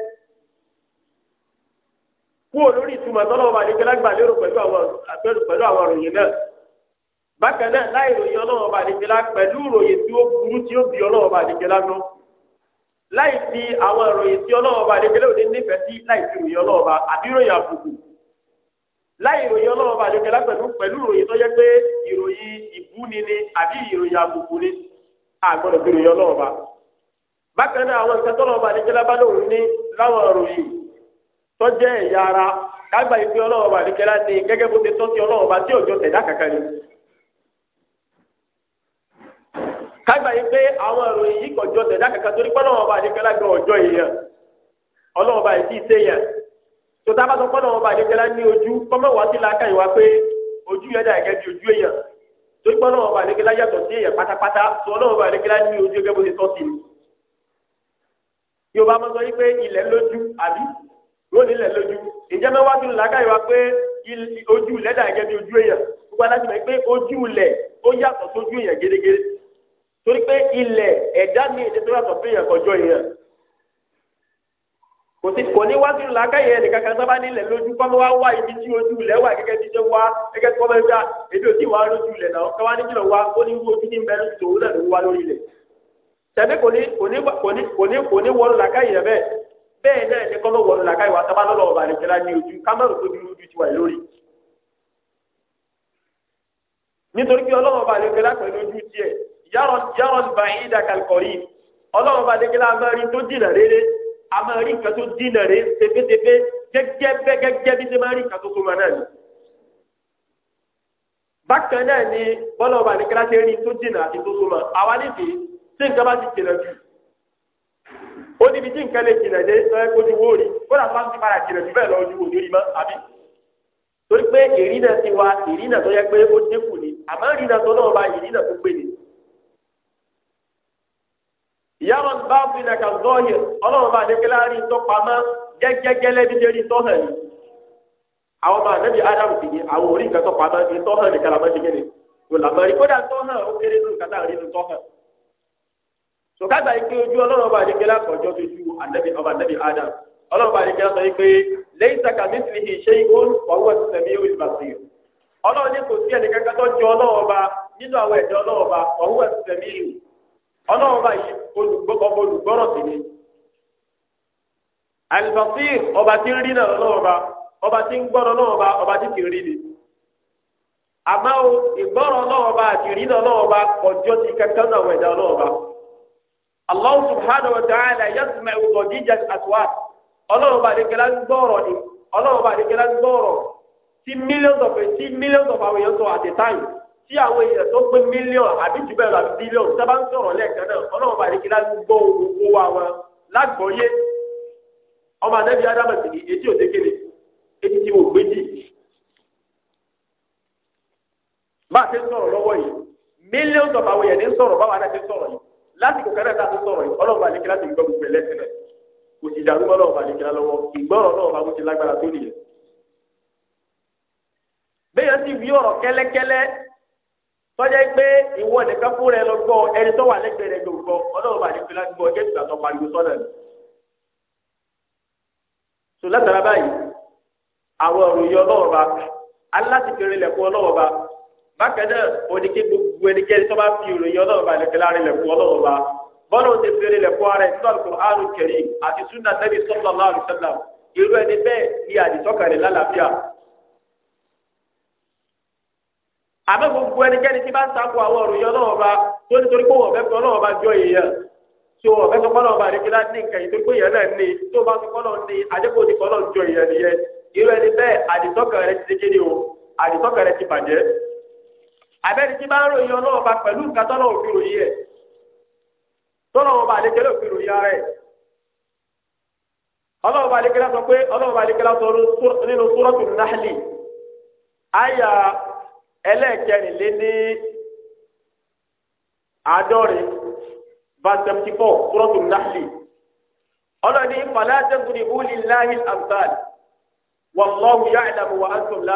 kúrò lórí ìtumọ̀ tọ́lọ́wọ́ bá nìkẹ́lá gbà lérò pẹ̀lú àwọn òròyìn náà bákan náà láì ròyìn ọlọ́wọ́ bá nìkẹ́lá pẹ̀lú ròyìn tí ó burú tí ó bí ọlọ́wọ́ bá nìkẹ́lá nù láì fi àwọn ròyìn tí ọlọ́wọ́ bá nìkẹ́lá òní nífẹ̀ẹ́ sí láì fi ròyìn ọlọ́wọ́ bá àbí ròyìn àbùkù láì ròyìn ọlọ́wọ́ bá nìkẹ́lá pẹ̀lú pẹ̀lú ròyìn tó yẹ pé ìròyìn ìbúni ni àbí ìròyìn àbùkù ni àgbọ̀dọ̀ fi ròyìn ọlọ́wọ́ bá bákan náà àwọn ìkẹ́tọ́lọ́wọ́ bá nìkẹ́lá bá lóun ní láwọn ròyìn tọ́jẹ́ ẹ̀yà ara kágbà ìpè ọlọ́wọ́ bá ní kẹlá ní gẹ́gẹ́ bó ti tọ́sí ọlọ́wọ́ bá tí òjò tẹ̀dá kankan ni. kágbà yìí pé àwọn ìròyìn yìí kọjọ tẹ̀dá kankan torí pé ọlọ́wọ́ bá ní kẹlá gan ọjọ́ èèyàn ọlọ́wọ́ bá yìí tí ì sèyàn tó tá a bá sọ pé ọlọ́wọ́ bá ní kẹlá ní ojú kọ́mọ̀ wá sí làákà ìwà pé ojú yẹn dà gẹ́gẹ́ bí ojú èèyàn torí pé ọlọ́wọ́ bá ní kẹlá yàtọ̀ sí èèyàn pátápátá yóò nílẹ̀ lójú ìjẹ́ máa wá wa pé ojú ilẹ̀ dà gẹ́gẹ́ bí ojú èèyàn gbogbo aláṣẹ mọ̀ pé ojú ilẹ̀ ó yàtọ̀ sójú èèyàn gédégédé torí pé ilẹ̀ ẹ̀dá mi èdè tó yàtọ̀ sí èèyàn kọjọ́ èèyàn kò sí kò ní wá sínú làákàyè ẹnì kankan sábà nílẹ̀ lójú kọ́ wá wá ibi tí ojú ilẹ̀ wà gẹ́gẹ́ bí ṣe wá gẹ́gẹ́ bí kọ́mọ ẹgbẹ́ èdè òsì wá lójú ilẹ̀ náà káwá ní kìlọ̀ wá kò ní kò ní kò ní bẹ́ẹ̀ bẹ́ẹ̀ náà ní kọ́mọ̀ wọ̀nù làkà ìwà sábà lọ́lọ́ ọba àlejòlá ní ojú kámẹ́rù tó dúró ojú ti wà lórí. nítorí pé ọlọ́wọ́ ọba àlejòlá pẹ̀lú ojú tiẹ̀ yàrá ba yín dàkàlùkọ̀rí ọlọ́wọ́ ọba àlejòlá amẹ́rin tó dìnà rere amẹ́rin kan tó dìnà rere tẹfẹ́tẹfẹ́ gẹ́gẹ́ bẹ́ gẹ́gẹ́ bí sẹ́mẹ́rin kan tó tó mọ náà ni. bákan náà ni bọ́lá ọba àlejòlá ti tó dìnà àti tó tó mọ àwa níbi tí nǹkan bá ti tẹ̀lé jù ó níbi tí nǹkan lè jìnà dé sọ ẹ kó ti wóòrì kó dà fáwọn ti padà jìnà jù bẹ́ẹ̀ lọ ojú òde rí mọ́ àbí. torí pé èrí náà ti wá èrí náà tó yẹ pé ó dínkù ni àmọ́ èrí náà tó náà bá èrí náà tó gbé ni. ìyá wọn bá fi nà kàn zọ́ yẹ ọlọ́run bá dékè láàrin tó pamọ́ gẹ́gẹ́gẹ́lẹ́ dídé rí tó hàn àwọn ọmọ ànábì ádámù ti ní àwọn orí nǹkan tó pamọ́ ní tó ní kàlámọ́ sọkátà ike oju ojú ọlọ́run ọba àdékẹ́lá tó ju ọba ànábì adam ọlọ́run ọba àdékẹ́lá sọ lẹ́yìn sàkà mísìlì yìí ṣe ìhón ọwọ́ ti sẹ̀mí ìwé ìbàsí ọlọ́run ní kò sí ẹnì kankan ju ọba nínú àwọn ẹ̀dẹ́ ọba ọwọ́ ti ọba olùgbọ́rọ̀ sí ni ọba rí náà Allah subhanahu wa ta'ala yasma ìwọ̀dìjà aswat ọlọ́run bá dèkẹ́lá ń gbọ́rọ̀ ni ọlọ́run bá dèkẹ́lá ń gbọ́rọ̀ tí millions of tí millions of àwọn sọ at a time tí àwọn èèyàn million àbí jù bẹ́ẹ̀ lọ àbí billion adama lásìkò kẹrẹ tá a ti sọ̀rọ̀ yìí ọlọ́ọ̀bà àlekè láti gbọ́ gbogbo ẹlẹ́sìn rẹ̀ kò sì dàrú mọ́ ọlọ́ọ̀bà àlekè lọ́wọ́ ìgbọ́rọ̀ ọlọ́ọ̀bà bó ti lágbára tó nìyẹn. béèyàn ti wí ọ̀rọ̀ kẹ́lẹ́kẹ́lẹ́ tọ́jà pé ìwọ nìkan fúnra ẹ lọ gbọ́ ẹni tó wà lẹ́gbẹ̀ẹ́ rẹ̀ gbọ́ ọlọ́ọ̀bà àlekè láti gbọ́ ẹgbẹ́ ìgbà tó pariwo sọ́nà ni. sọ látara báyìí àwọn òròyìn ọlọ́ọ̀bà aláti fèrè lẹ̀kọ́ ọlọ́ọ̀bà bákan náà òdìkí gbogbo gbogbo ẹnikẹ́ni tó bá fi ìròyìn ọlọ́run bá lẹ́kẹ́ láàrin lẹ̀kọ́ ọlọ́run bá bọ́lọ̀ ti fèrè lẹ̀kọ́ ara ẹ̀ sọ́ọ̀lù Qur'anul Karim àti sunna Nabi sallallahu alaihi wasallam irú ẹni bẹ́ẹ̀ ni àdìsọ́kàrẹ̀ lálàáfíà. àmọ́ gbogbo ẹnikẹ́ni tí bá ń takò àwọn ìròyìn ọlọ́run bá tó nítorí pé wọ́n fẹ́ fún ọlọ́run bá jọ èèyàn tó wọ́n fẹ́ sọ fọ́lọ́run bá rẹ̀ kí láti ní nǹkan yẹn náà ní tó bá sọ ní ajẹ́kọ̀ọ́ ti jọ èèyàn nìyẹn irú ẹni bẹ́ẹ̀ àdìsọ́kàrẹ̀ ti abẹ́ni tí bá ń ròyìn ọlọ́wọ́ bá pẹ̀lú nǹkan tọ́lọ̀ òfin ròyìn ẹ̀ tọ́lọ̀ wọn bá àlékelé òfin ròyìn ara ẹ̀ ọlọ́wọ́ bá àlékelé sọ pé ọlọ́wọ́ bá àlékelé sọ nínú sórọ́tù náhìlì àyà ẹlẹ́ẹ̀kẹrin lé ní àádọ́rin verse seventy four sórọ́tù náhìlì ọlọ́ni fàlẹ́ àtẹ́gùn ní búlì láhìl àmsáàlì wàlláhu ya'lamu wa antum la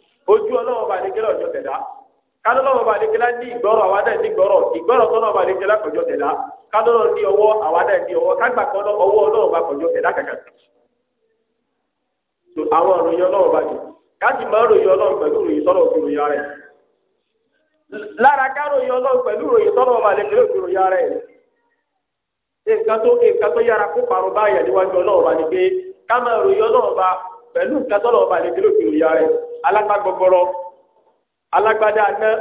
ojú ọlọ́wọ́ bá adékẹ́lá ọjọ́ tẹ̀dá kádọ́lọ́wọ́ bá adékẹ́lá ní ìgbọ́rọ̀ àwa náà ní ìgbọ́rọ̀ ìgbọ́rọ̀ tọ́lọ́ bá adékẹ́lá kọjọ́ tẹ̀dá kádọ́lọ́ ní ọwọ́ àwa náà ní ọwọ́ kágbà kan ọwọ́ ọlọ́wọ́ bá kọjọ́ tẹ̀dá kàkà tó àwọn ìròyìn ọlọ́wọ́ bá jù káàtì máa ròyìn ọlọ́wọ́ pẹ̀lú ìròyìn tọ́lọ̀ òfin ròyìn ara ẹ̀ lára ká ròyìn ọlọ́wọ́ pẹ̀lú ìròyìn tọ́lọ̀ bá adékẹ́lá òfin ròyìn ara ẹ̀ nǹkan tó nǹkan tó yára kó parun báyà níwájú ọlọ́wọ́ bá ní pé alágbàgbọgbọrọ alágbádá aná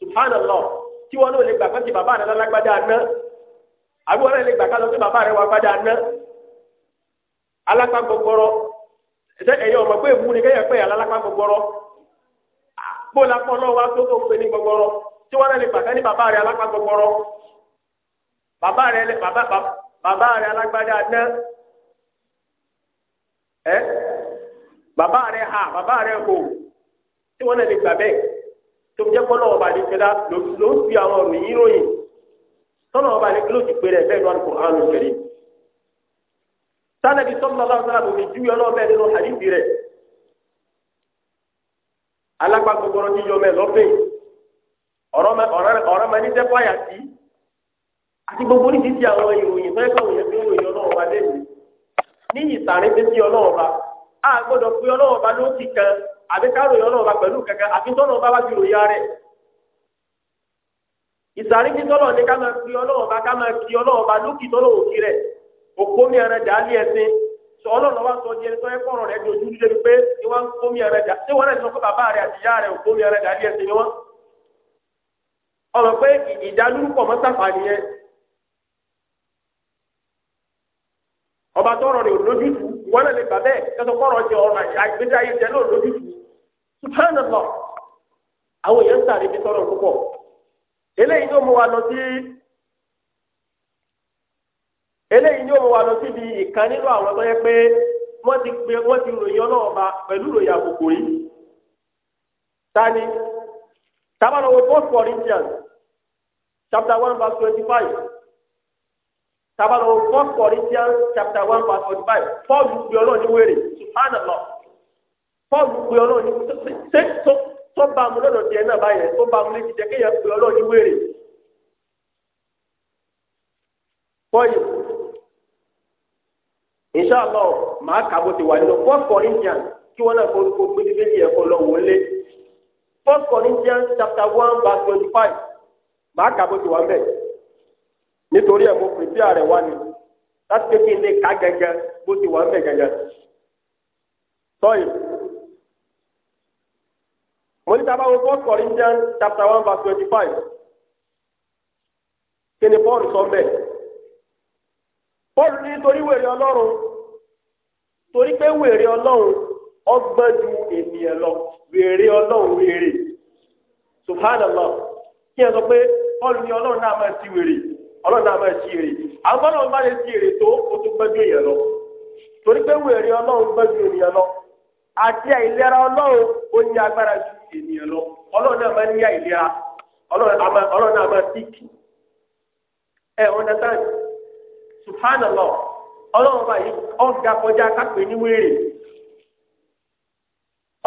subhanallah tí wọn náà lè gbà kọ́sí bàbá rẹ lálágbádá aná àbí wọn náà lè gbà kálọ́ sí bàbá rẹ wà gbádá aná alágbàgbọgbọrọ ṣe ẹ̀yọ́ ọmọ pé èmú ni kẹ́yẹ̀ pé alágbàgbọgbọrọ bóòlà pọ̀ lọ́wọ́ tó tó pé ní gbọgbọrọ tí wọn náà lè gbà kẹ́ni bàbá rẹ alágbàgbọgbọrọ bàbá rẹ alágbádá aná ẹ bàbá rẹ ha bàbá rẹ kò tí wọ́n náà lè gbà bẹ́ẹ̀ tó fi jẹ́ kọ́nà ọba àdìsẹ́lá ló ń fi àwọn ọ̀rùn yìí ròyìn tọ́nà ọba àdìsẹ́lá ti pè rẹ̀ bẹ́ẹ̀ lọ́nà Kùránì kẹrì. sanabi sọ́nà lọ́sọ̀rọ̀ àbòmí júwe ọlọ́ọ̀bẹ nínú àdìsí rẹ̀ alágbàgbọ́gbọ́rọ́ ti yọ mẹ́ lọ́fẹ̀ ọ̀rọ̀ mẹ́ni tẹ́ fọ́ àyàtì àti gbogbo ní títí àwọn ìròyìn fẹ́ kọ́ òye fún ìròyìn ọlọ́ọ̀ba lẹ́yìn ní ìsàrin títí ọlọ́ọ̀ba a gbọ́dọ̀ pé ọlọ́ọ̀ba ló ti kan àbí ká ròyìn ọlọ́ọ̀ba pẹ̀lú kẹ̀kẹ́ àfi ọba wá ju ká máa fi ọlọ́ọ̀ba ká máa ọlọ́ọ̀ba lókì tọ́lọ̀ rẹ̀ òkó mi jà á lé ẹsìn sọ ọlọ́ọ̀ba wá sọ rẹ̀ di ojú débi pé ni wọ́n jà ṣé wọ́n sọ bàbá rẹ̀ àti ìyá rẹ̀ jà á lé ẹsìn ni wọ́n. ọ̀rọ̀ pé mọ́ ọba tọrọ rẹ̀ wọ́n lè gbà bẹ́ẹ̀ kọ́rọ̀ subhanallah àwọn èèyàn ń sáré bí tọrọ púpọ̀ eléyìí ló mú wa lọ sí eléyìí ni ó mú wa lọ síbi ìkan nínú àwọn tó yẹ pé wọ́n ti pe wọ́n ti ròyìn ọlọ́ọ̀ba pẹ̀lú ròyìn àbùkù yìí tani tábàlọ́wọ́ First Corinthians chapter one verse twenty-five tábàlọ́wọ́ First Corinthians chapter one verse twenty-five Paul pe ọlọ́ọ̀ni wèrè subhanallah. Pọ́ọ̀lù pe ọlọ́run ní ṣé tó bá mu lọ́dọ̀ tiẹ̀ náà báyẹn tó bá mu léjì jẹ́ kéèyàn pe ọlọ́run ní wèrè. Pọ́ọ̀lù inṣàlọ́ màá kà bó ti wà nínú First Corinthians kí wọ́n náà forúkọ gbé ní méjì ẹ̀kọ́ lọ wọlé. First Corinthians chapter one verse twenty-five màá kà bó ti wà mẹ́ nítorí ẹ̀ mo pèsè ààrẹ wá ni láti pé kí n lè ka gẹ́gẹ́ bó ti wà mẹ́ gẹ́gẹ́. Sọ́yìn mo ní sábà wo First Corinthians chapter one verse twenty five kí ni Paul sọ bẹ́ẹ̀ Paul ní torí wèrè Ọlọ́run torí pé wèrè Ọlọ́run ọgbọ́n ju ènìyàn lọ wèrè Ọlọ́run wèrè subhanallah kí ẹ sọ pé Paul ní Ọlọ́run náà máa ti wèrè Ọlọ́run náà máa ti èrè àwọn Ọlọ́run ti èrè tó o tún gbọ́n ju èèyàn lọ torí pé wèrè Ọlọ́run gbọ́n ju ènìyàn lọ àti àìlera Ọlọ́run ó ní agbára ju ènìyàn lọ ọlọ́run náà máa ń yá ìlera ọlọ́run náà máa tíkì ẹ understand subhanallah ọlọ́run bá yìí ọ̀gá kọjá kápẹ́ ní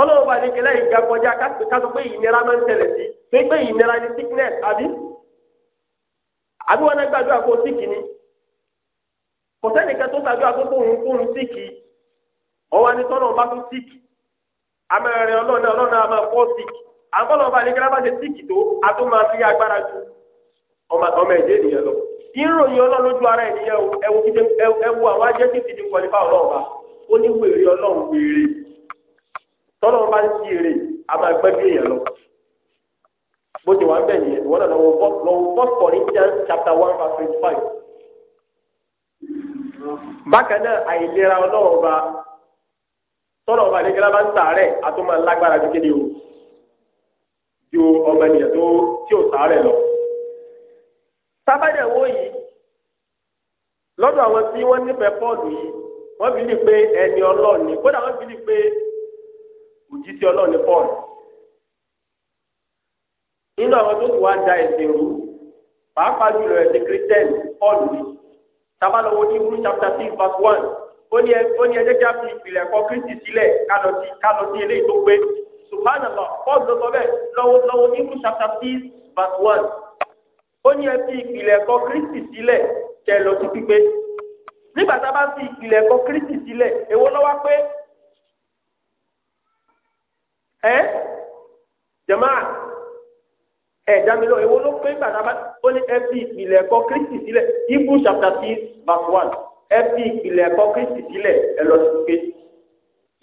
ọlọ́run bá yìí kẹlẹ́ ìgbà kọjá kápẹ́ kásọ pé ìnira máa ń tẹ̀lẹ̀ sí pé pé ìnira ni sickness àbí àbí wọn náà gbàdúrà kó kò sẹ́nìkan tó gbàdúrà kó kóhun kóhun amẹ́rin ọlọ́ọ̀nà ọlọ́ọ̀nà a máa fọ́ sí àkọlọ́ ọba ní kíláàbà ṣe síkì tó a tó máa fi agbára ju ọmọ ẹ̀jẹ̀ ènìyàn lọ. ìròyìn ọlọ́run lójú ara ènìyàn o ẹwu kíjẹ ẹwu àwọn ajẹ́ tí ti di kọlífà ọlọ́ọ̀ba ó ní wèrè ọlọ́run wèrè tọ́lọ́run bá ń sí èrè a máa gbẹ́ bí èèyàn lọ. bó ti wà ń bẹ̀ nìyẹn wọ́n náà lọ́wọ́ First Corinthians chapter one verse twenty five. bákan náà àìlera ọlọ́run tọ́lọ̀ ọba àdékẹ́lá bá ń sàárẹ̀ àtúmọ̀ lágbára ju kéde o ju ọmọ ènìyàn tó tí ò sàárẹ̀ lọ. sábàdàwọ̀ yìí lọ́dọ̀ àwọn tí wọ́n nífẹ̀ẹ́ pọ́ọ̀lù yìí wọ́n fi ní pé ẹni ọlọ́ọ̀ni kódà wọ́n fi ní pé òjíṣẹ́ ọlọ́ọ̀ni pọ́ọ̀lù. nínú àwọn tó ti wá da ẹ̀sìn rú pàápàá jùlọ ẹ̀sìn kírísítẹ́nì pọ́ọ̀lù yìí sábàdàwọ̀ ní Hebrew chapter six verse one ó ní ẹjẹ́ kí a fi ìpìlẹ̀ ẹ̀kọ́ kristi sílẹ̀ kálọ̀ sí eléyìí tó pé subhanallah paul ló sọ bẹ́ẹ̀ lọ́wọ́lọ́wọ́ nínú chapter six verse one ó ní ẹ fi ìpìlẹ̀ ẹ̀kọ́ kristi sílẹ̀ kẹ́ lọ sí pípé nígbà tá a bá fi ìpìlẹ̀ ẹ̀kọ́ kristi sílẹ̀ èwo lọ́wọ́ pé ẹ jẹ̀má ẹ̀dá mi lọ èwo ló pé nígbà tá a bá ó ní ẹ fi ìpìlẹ̀ ẹ̀kọ́ kristi sílẹ̀ hebrew chapter six verse one. ẹbí ìpìlẹ̀ ẹ̀kọ́ kristi sílẹ̀ ẹ lọ sí pé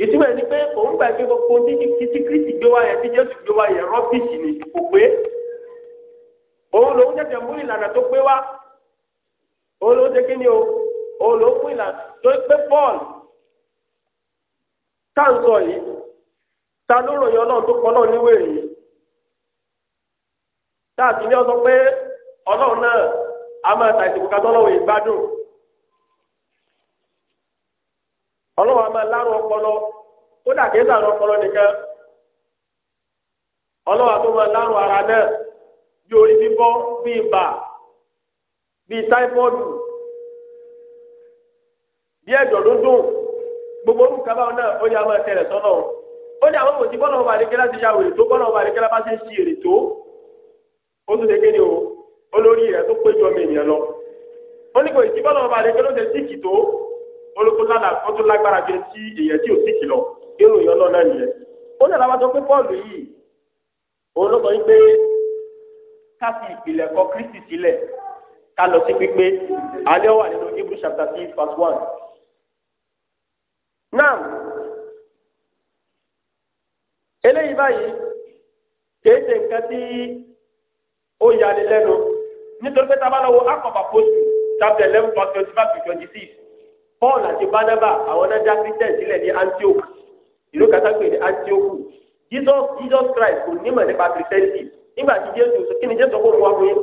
ìtumọ̀ ẹni pé òun gbà pé gbogbo títí kristi gbé wáyé tí jésù gbé wáyé rọ́bìsì ni kò pé òun lòun tẹ̀sẹ̀ mú ìlànà tó pé wá òun lòun tẹ̀ ni o òun lòun mú ìlànà tó pé paul táǹsọ yìí ta ló ròyìn ọlọ́run tó kọ́ náà níwèé yìí táàbí ní ọ sọ pé ọlọ́run a máa ta ìsìnkú ọlọ́wọ́ a máa lárò ọpọlọ ó dàgé sàrò ọpọlọ nìkan ọlọ́wọ́ a tó máa lárò ara náà bí orí bíbọ́ bí ibà bí táífọ́ọ̀dù bí ẹ̀jọ̀ dúndùn gbogbo orúkọ báwọn náà ó yẹ a máa tẹ̀lé sọ́nà o ó ní àwọn kò sí bọ́lá ọba àdékẹ́lá ti ya wèrè tó bọ́lá ọba àdékẹ́lá bá ṣe ń ṣe èrè tó ó tún ṣe kéde o olórí rẹ̀ tó péjọ mi ènìyàn lọ ó ní kò sí bọ́lá ọba àdékẹ́lá ó ṣe síkì tó olùkọ́lá kan tó lágbára jẹ tí èèyàn tí ò sí kìlọ̀ irú ìyọ́ náà nìyẹn ó ní àwọn àjọ pé Pọ́ọ̀lù yìí òun ló sọ yín ká fi ìpìlẹ̀ kọ Kristi sílẹ̀ ká lọ sí pípé alẹ́ wà nínú Hebrew chapter six verse one. now eléyìí báyìí kìí ṣe nǹkan tí ó yani lẹ́nu nítorí pé tábàlọ́wọ́ akọ̀bà post chapter eleven verse twenty five to twenty six paul àti barnaba àwọn náà dá christian sílẹ̀ ní antioch ìlú katakpe ní antioch jesus jesus christ kò nímọ̀ nípa christianity nígbà tí jésù kí ni jésù kò mú wa fún yín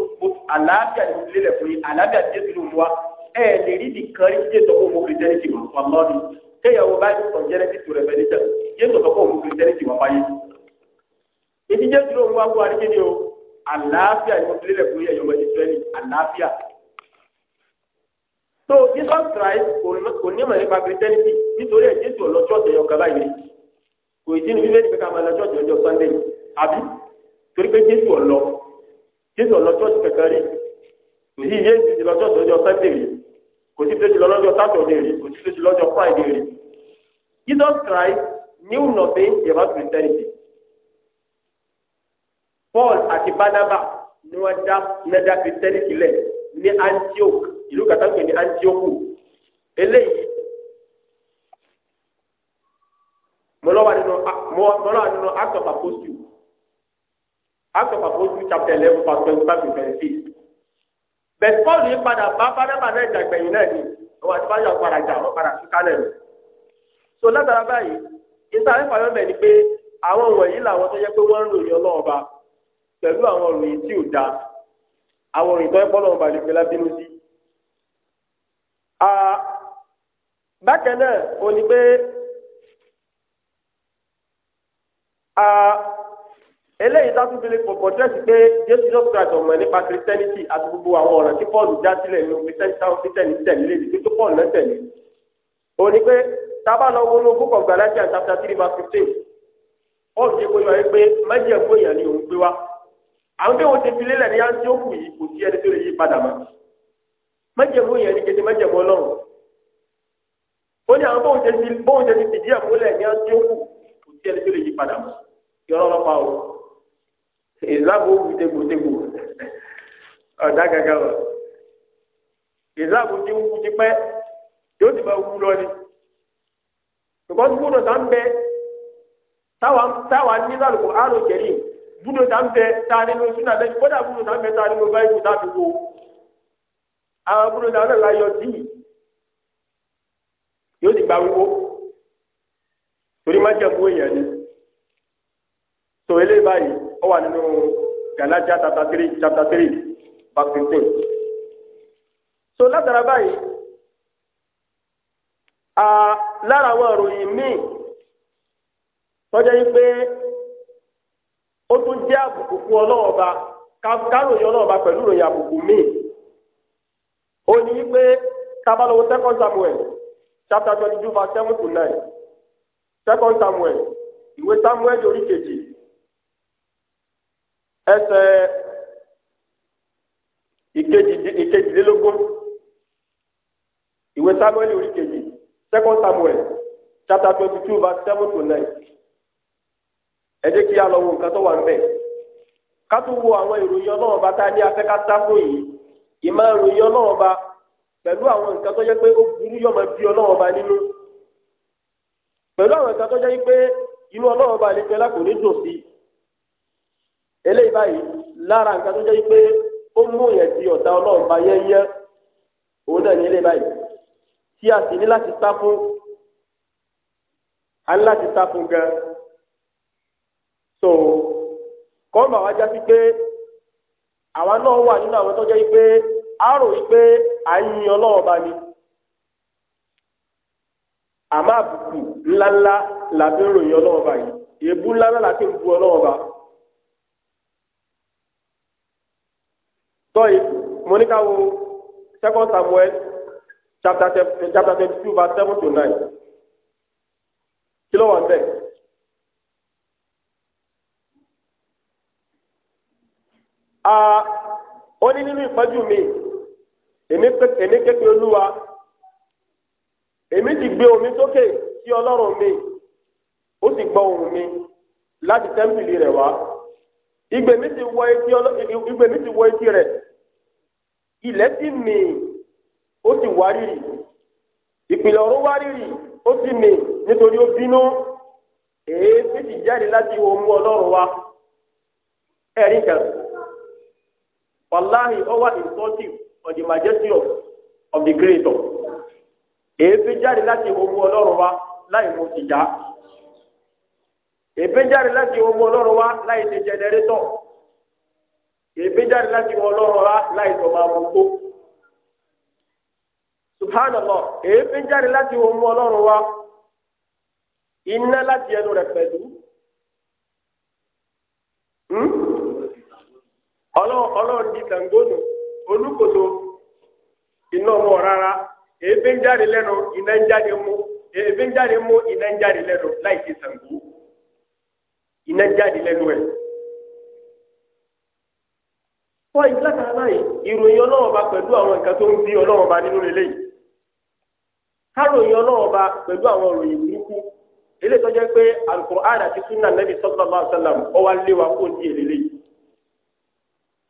àlàáfíà ni mo ti lélẹ̀ fún yín àlàáfíà ti jésù ló mú wa ẹ lè rí nìkan rí jésù kò mú christianity mọ̀ wà lọ́ọ̀dún kéèyàwó bá yín sọ̀rọ̀ jẹ́rẹ́ títù rẹ̀ bẹ̀rẹ̀ jẹ́ jésù kò mú christianity mọ̀ wáyé ìdí jésù ló mú wa fún wa ní kí ni o àlàáfíà ni mo lélẹ̀ fún yín ẹ̀yọ́ so jesus christ kò ní mọ̀ nípa christianity nítorí ẹ̀ jésù ọ̀lọ́ church ẹ̀yọ̀ kan báyìí kò ì sínú bíbélì pé ká máa lọ church ọjọ́ sunday àbí torí pé jésù ọ̀lọ́ jésù ọ̀lọ́ church kẹ̀kẹ́ rí kò sí jésù ti lọ church ọjọ́ sunday rí kò sí tó ti lọ́jọ́ saturday rí kò sí tó lọ́jọ́ friday rí jesus christ knew nothing about christianity paul àti barnaba ni wọ́n dá christianity lẹ̀ ní antioch ìlú kàtà pè ní Antioku eléyìí mọlọwà nínú mọlọwà nínú of apostles act of apostles chapter eleven verse twenty five to twenty six bẹ́ẹ̀ Paul yìí padà bá bánábà náà ìjàgbẹ̀yìn náà ni àwọn àti padà jà padà sí kálẹ̀ rẹ̀ so látara báyìí pé àwọn làwọn tó yẹ pé ń àwọn ròyìn tí bákan náà ó ní pé eléyìí tá tún fi lè pọ̀pọ̀ dẹ́sí pé Jesus Christ ọ̀mọ̀ nípa Christianity àti gbogbo àwọn ọ̀ràn tí Paul já sílẹ̀ ní Christianity táwọn Christianity tẹ̀lé lè ní tó Paul náà tẹ̀lé ó ní pé tábà lọ wọnú book of Galatians chapter three verse fifteen Paul jẹ́ kó yọ ẹ pé májèkó èèyàn ni òun gbé wá àwọn tí wọ́n ti fi lélẹ̀ ní antioch yìí kò sí ẹni tó lè yí padà mọ́ májẹ̀mú yẹn ní kété májẹ̀mú ọlọ́run ó ní àwọn bóun ṣe ti bóun ṣe ti fìdí àkólẹ̀ ní ọjọ́ kù kò sí ẹni tó lè yí padà mọ́ yọrọ lọ́pàá o ìzáàbò wù tegbòtegbò ọ̀dà gàgà lọ ìzáàbò ti wù ti pẹ́ yóò ti máa wù lọ ni ṣùgbọ́n gbúdọ̀ tá ń bẹ táwa ní lálùkò àrùn jẹ̀rí gbúdọ̀ tá ń bẹ tá a nínú sínú àlẹ́ kódà gbúdọ̀ tá ń bẹ tá a nínú báyìí kò tá a fi wo. àwọn búrò náà lọ́la yọ sí yìí yóò ti gba wíwó torí má jẹ́ fún èèyàn ni tó báyìí ó wà nínú galatia chapter three chapter three verse fifteen so látara báyìí lára àwọn ìròyìn míì tọ́jà yìí pé ó tún jẹ́ àbùkù fún ọlọ́ọ̀ba ọlọ́ọ̀ba pẹ̀lú ó ní pé tabalowo second samuel chapter twenty two verse seven to nine second samuel ìwé samuel orí kejì ẹsẹ̀ ìkejìlélógún ìwé samuel orí kejì second samuel chapter twenty two verse seven to nine ẹ jẹ́ kí a lọ wo nǹkan tó wà ń bẹ̀ ká tún wo àwọn ìròyìn ọlọ́run bá tá ní afẹ́ ká sáfó yìí. ìmọ̀ ìròyìn ọlọ́wọ́n ba pẹ̀lú àwọn nǹkan tó jẹ́ pé ó burú yọmọ bí ọlọ́wọ́n nínú pẹ̀lú àwọn nǹkan tó jẹ́ pé inú ọlọ́wọ́n lè fẹ́lá kò dùn sí i eléyìí báyìí lára nǹkan tó jẹ́ pé ó mú yẹn di ọ̀tá yẹ́yẹ́ òun náà ní eléyìí báyìí tí a sì ní láti sá fún a ní láti sá fún gan so kọ́ńbà já sí pé àwa náà wà nínú àwọn tó a rò pé à ń yin ọlọ́run bá ní àmọ́ àbùkù ńláńlá làbí ròyìn ọlọ́run bá yìí èébú ńláńlá làbí bu ọlọ́run bá. tọ́yì mo ní ká wo second Samuel chapter twenty two verse seven to nine kí ló wà ń a ó ní nínú ìpọ́njú mi èmi kékeré olúwa èmi ti gbé omi sókè sí ọlọ́run mi ó sì gbọ́ ohùn mi láti tẹ́ḿpìlì rẹ̀ wá ìgbè mi ti wọ etí rẹ̀ ilẹ̀ ti mì ó sì wá rírì ìpìlẹ̀ ọ̀run wá rírì ó sì mì nítorí ó bínú èé sì jáde láti ohun ọlọ́run wa ẹ̀rí kan. wàláhì ọwà insultive of the majesty of of the creator èéfín jáde láti owó ọlọ́run wa láì mú ti já èéfín jáde láti owó ọlọ́run wa láì ṣe jẹnẹrétọ̀ èéfín jáde láti owó ọlọ́run wa láì máa mú kó subhanallah jáde láti ọlọ́run iná ọlọ́run ndị tàǹgónù olùkòso iná mọ̀ rárá èébì ń jáde lẹ́nu iná ń jáde mú èébì ń jáde mú iná ń jáde lẹ́nu láì ṣe Ṣàngó iná ń jáde lẹ́nu ẹ̀. wọ́n yìí látara báyìí ìròyìn ọlọ́wọ́ bá pẹ̀lú àwọn nǹkan tó ń bí wa kó di èlé lẹ́yìn.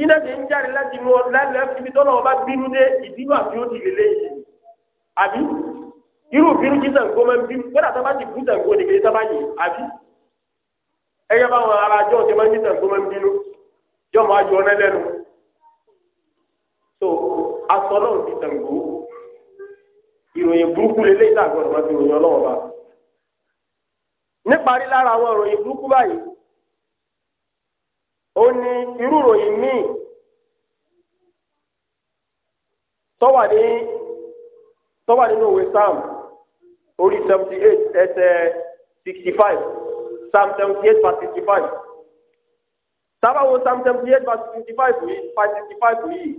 iná ti ń jáde láti inú lálẹ́ ibi tọ́lọ̀ ọba bínú dé ìbínú àti ó ti lélẹ̀ yìí àbí irú bínú kí Ṣàngó máa ń bínú kódà tó bá ti bú Ṣàngó nìkan ní sábà yìí àbí ẹgbẹ́ báwọn ará ajọ́ ọ̀tẹ̀ máa ń bí Ṣàngó máa ń bínú jọmọ ajọ ọ̀nẹ́ lẹ́nu so aṣọ náà ti Ṣàngó ìròyìn burúkú lélẹ́yìí tàgbọ̀n máa fi ròyìn ọlọ́wọ́ bá níparí lára àwọn ìròyìn burúkú báyìí ó ní irú ìròyìn míì tọ́wà nínú òwe psalm orí ẹsẹ̀ 65 psalm verse psalm verse sixty yìí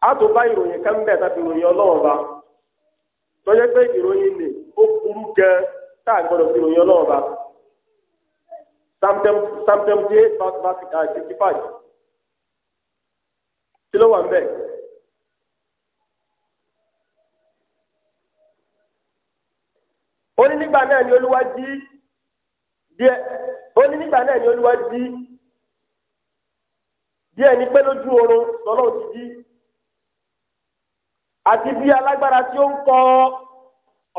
a tó bá ìròyìn kan bẹ̀ tàbí ìròyìn bá tọ́jú psalm seventy eight fifty five kí ló wà ń bẹ̀. ó ní nígbà náà ni olúwa jí díẹ̀ ó ní nígbà náà ni olúwa jí díẹ̀ ní pé lójú oorun lọ́lọ́ ti jí àti bí alágbára tí ó ń kọ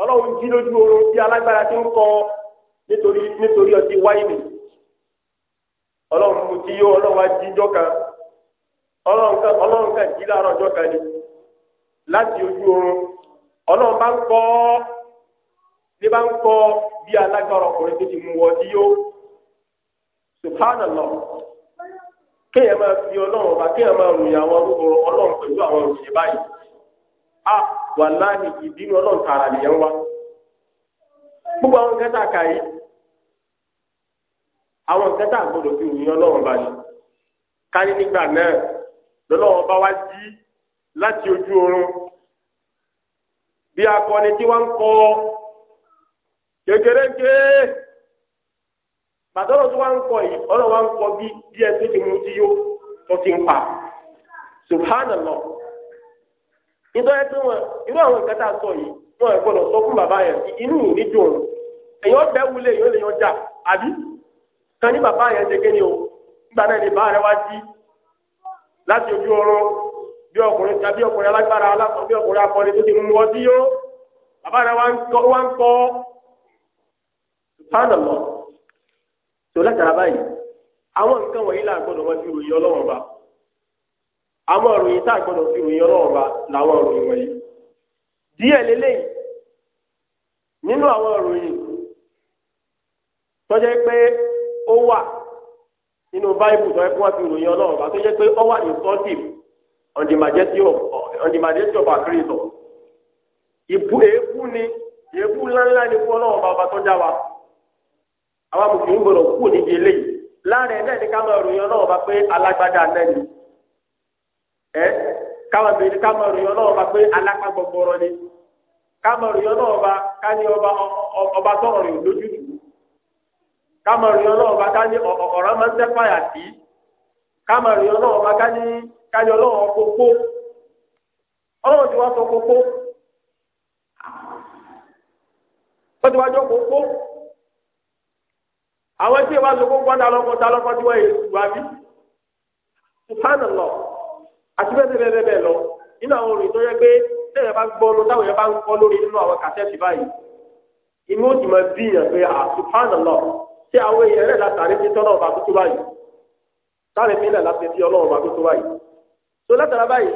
ọlọ́run jí lójú oorun bí alágbára tí ń kọ nítorí nítorí ọtí wáìnì. ọlọ́run mo ti yó ọlọ́run wá jíjọ́ kan ọlọ́run kan jí láàárọ̀ ọjọ́ kan ni láti ojú oorun ọlọ́run bá ń kọ́ bá ń kọ́ bí alágbára ọkùnrin tó ti mú wọ sí yó subhanallah kéèyàn máa fi ọlọ́run ọba kéèyàn máa ròyìn àwọn orúkọ ọlọ́run pẹ̀lú àwọn ah, a àwọn nǹkan tá fi wù yín ọlọ́wọ́n bá ní. kárí nígbà náà ji bá wá jí láti ojú oorun bí akọni tí wọ́n ń kọ kékeréke bàtọ́rọ̀ tí wọ́n ń kọ yìí ọlọ́wọ́n ń kọ bí díẹ̀ tó ti mú ti yó tó ti ń pa nítorí pé wọn irú àwọn a sọ yìí wọn sọ fún bàbá yẹn inú tán ní bàbá yẹn ṣe kéde o nígbà náà ní bàbá rẹ wá jí láti ojú ọrọ bí ọkùnrin tàbí ọkùnrin alágbára alákọ̀ọ́ bí ọkùnrin akọni tó ti mú wọn sí yó bàbá rẹ wá ń kọ́ sùpánà lọ tó látara báyìí àwọn nǹkan wọ̀nyí là wọ́n fi ròyìn ọlọ́wọ́n àwọn báyìí tó ẹ kó wá fi ròyìn ọlọ́run bá tó yẹ pé ọwọ́ insultive on the majesty of on the majesty of our creator ìbú èébú ni èébú ńláńlá ni fún ọlọ́run bàbá tó já wa àwọn amòfin gbọdọ̀ kú níbi eléyìí láàrin ẹ̀dá ẹ̀dí ká máa ròyìn ọlọ́run bá pé alágbádá nẹ́ni ẹ káwọn bèrè ká máa ròyìn ọlọ́run bá pé alápá gbọgbọrọ ni ká máa ròyìn ọlọ́run bá ká ní ọba ọba tọrọ rẹ̀ lójútùú. kámọ̀rin ọlọ́run bá ká ní ọ̀rọ̀ máa ń tẹ́ fàyà sí kámọ̀rin ọlọ́run bá ká ní káyọ ọlọ́run kókó ọlọ́run ti wá sọ kókó ó ti wá jọ kókó àwọn tí ìwà sọ kókó tí wọ́n yẹ ìlú àbí lọ àti bẹ́ẹ̀ bẹ́ẹ̀ bẹ́ẹ̀ lọ nínú àwọn yẹ pé bá gbọ́ táwọn yẹn bá ń kọ́ lórí nínú àwọn kàtẹ́ẹ̀tì báyìí máa bí tí àwọn èèyàn rẹ̀ látàrí ti tọ́lọ̀ ọba tuntun báyìí táàrí láti fi ọlọ́run ọba tuntun báyìí tó látara báyìí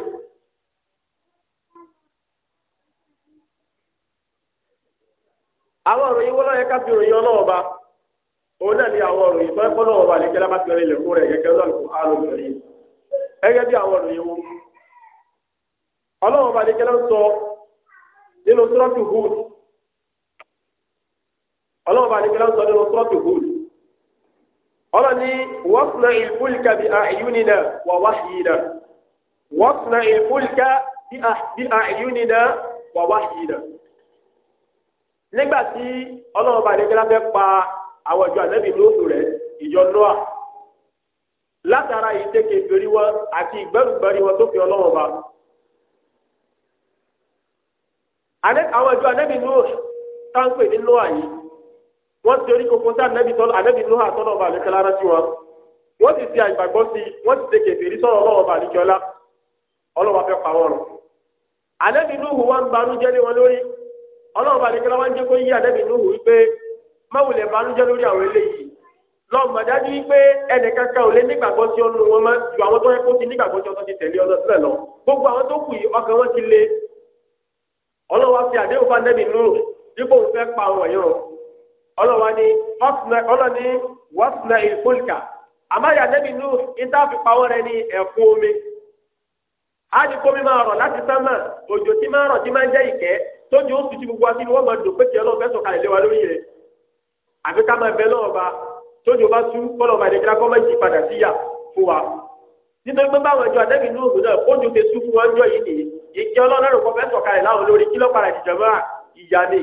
àwọn òròyìn wọ́n lọ́yẹ ká fi òròyìn ọlọ́run ọba òun náà ni àwọn òròyìn tó ń kọ́ lọ́wọ́ ọba rẹ̀ bí àwọn òròyìn wo ọlọ́run ọba sọ nínú ọlọ́run bá nígbà sọ nínú sọ́ọ̀tù hud ọlọ́ni wọ́pùnà ìfúlìkà bí àìyúnina wà wáhìína wọ́pùnà ìfúlìkà bí àìyúnina ah-, wà wáhìína. nígbà tí ọlọ́run bá nígbà fẹ́ pa àwọn ìjọ ànábì lóṣù rẹ̀ ìjọ noa látara ìtẹ́kẹ̀ ìbérí wọn àti ìgbẹ́rùgbẹ́rí wọn tó fi ọlọ́run bá àwọn ìjọ ànábì lóṣù táǹpẹ̀ ní noa wọ́n ti orí koko sí anabi tọ́lọ́ anabi ló hà tọ́lọ́ ọba àlekẹ́ lára sí wọn wọ́n ti ti àgbàgbọ́ sí i wọ́n ti ti kẹfìrí sọ̀rọ̀ ọlọ́wọ́ ọba àlekẹ́ ọlá ọlọ́wọ́ fẹ́ pa wọn. anabi nuhu wa ń banújẹ́ lé wọn lórí ọlọ́wọ́ ọba àlekẹ́ lára wọn jẹ́ kó yí anabi nuhu wípé máwùlẹ̀ banújẹ́ lórí àwọn eléyìí wípé ò lé nígbàgbọ́ sí ọ̀nù wọn ju àwọn tó yẹ kó ti nígbàgbọ́ sí ti tẹ̀lé ọ̀nà sílẹ̀ ọlọ́wà ni ọlọ́ni wọ́sùnà ìfúlùkà àmàyà nẹ́bí nù ìtàfi pawọ́ rẹ ní ẹ̀kún omi ádìkómi máa rọ̀ láti sánmà òjò tí máa rọ̀ tí máa ń jẹ́ ìkẹ́ tójú ó tutù gbogbo àti wọ́n máa dùn pé tiẹ̀ fẹ́ sọ̀kalẹ̀ lé lórí rẹ̀ àfi ká máa bẹ ba tójú bá tú kọ́lọ̀ máa lè kọ́ máa yí padà sí yà fún wa báwọn ẹjọ́ àdẹ́bí nù náà ti tú fún wọn jọ yìí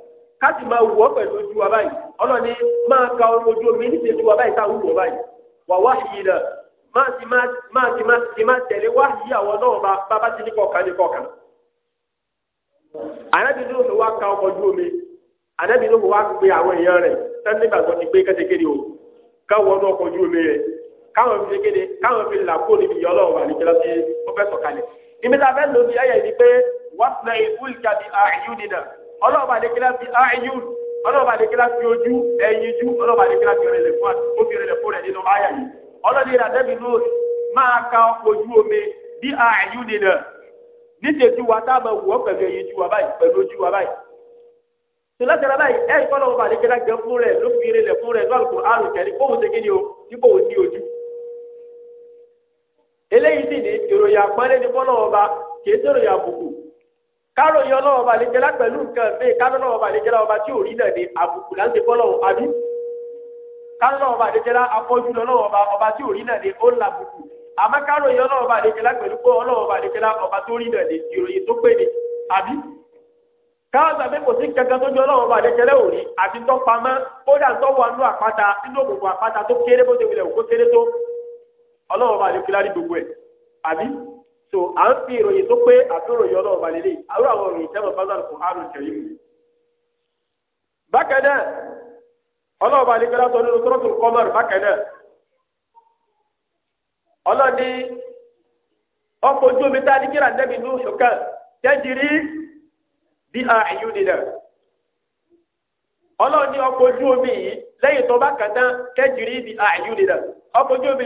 káàtì ma wọ̀ pẹ̀lú ojú wa báyìí ọlọ́ni máa ka ojú omi ní ìṣèjú wa báyìí táwọn wọ̀ báyìí wà wá yìí náà ma ti ma ti máa ti máa tẹ̀lé wá yìí àwọn náà bá bábá ti ní kọ̀ọ̀kan ní kọ̀ọ̀kan. ànábì ní òfin wá ka ọkọ̀ ojú omi ànábì ní òfin wá pe àwọn èèyàn rẹ̀ sẹ́ni gbàgbọ́ ti pé kẹ́tẹ́kẹ́rẹ́ o káwọn náà ọkọ̀ ojú omi rẹ̀ káwọn fi kéde káwọn fi là kó níbi ìyọlọ́wọ́ àlejò tí ó fẹ́ sọ̀kalẹ̀. ìmísàfẹ́ lómi ayẹ̀ ni pé wàásù náà ìfúlìkà bíi ọlọ́ọ̀bà àdékẹ́lá fi áyù ọlọ́ọ̀bà àdékẹ́lá fi ojú ẹyin jú ọlọ́ọ̀bà àdékẹ́lá fi rẹlẹ̀ fún ó fi rẹlẹ̀ fún rẹ̀ nínú ayà yìí ọlọ́ọ̀dẹ ìràdẹ́bí náà máa ka ojú omi bí nìlẹ̀ nítẹ̀jú wa wọ́ pẹ̀lú wa báyìí pẹ̀lú ojú wa báyìí báyìí ẹ̀ o káròyìn ọlọ́wọ́ bá lè jẹ́ lápẹ̀lú nǹkan bẹ́ẹ̀ káròyìn ọlọ́wọ́ bá lè jẹ́ láwọ́ bá tí òrí náà ni àbùkù láti bọ́ lọ́wọ́ àbí káròyìn ọlọ́wọ́ bá lè jẹ́ lá afọ́jú lọ́wọ́ ọba tí òrí náà ni ó ń làbùkù àmọ́ káròyìn ọlọ́wọ́ bá lè jẹ́ lápẹ̀lú pé ọlọ́wọ́ bá lè jẹ́ lá ọba tó rí náà ni ìròyìn tó pé ni àbí káàgbà pé kò sí kankan tó jọ ọlọ́wọ́ bá lè jẹ́ lẹ́wọ̀ rí àti tó pamọ́ kódà tó wà nínú àpáta nínú òkùnkùn àpáta tó kéré bó ti wulẹ̀ òkú kéré tó ọlọ́wọ́ bá lè fi lárí gbogbo ẹ̀ àbí so a ń fi ìròyìn tó pé a yọ náà balẹ̀ àwọn àwọn ìròyìn tẹ́wọ̀n fásitì kò àrùn kẹ̀yìn mi. bákan náà balẹ̀ kẹ́lá sọ nínú sọ́rọ́tù kọ́mọ̀r bákan ọlọ́ni ọkọ̀ ojú omi tá a ní kíra nẹ́bi ní oṣù kan tẹ́jìrì bí àìyú nìlẹ̀ ọlọ́ni ọkọ̀ ojú omi yìí lẹ́yìn tó bá kàn tán tẹ́jìrì bí àìyú nìlẹ̀ ọkọ̀ ojú omi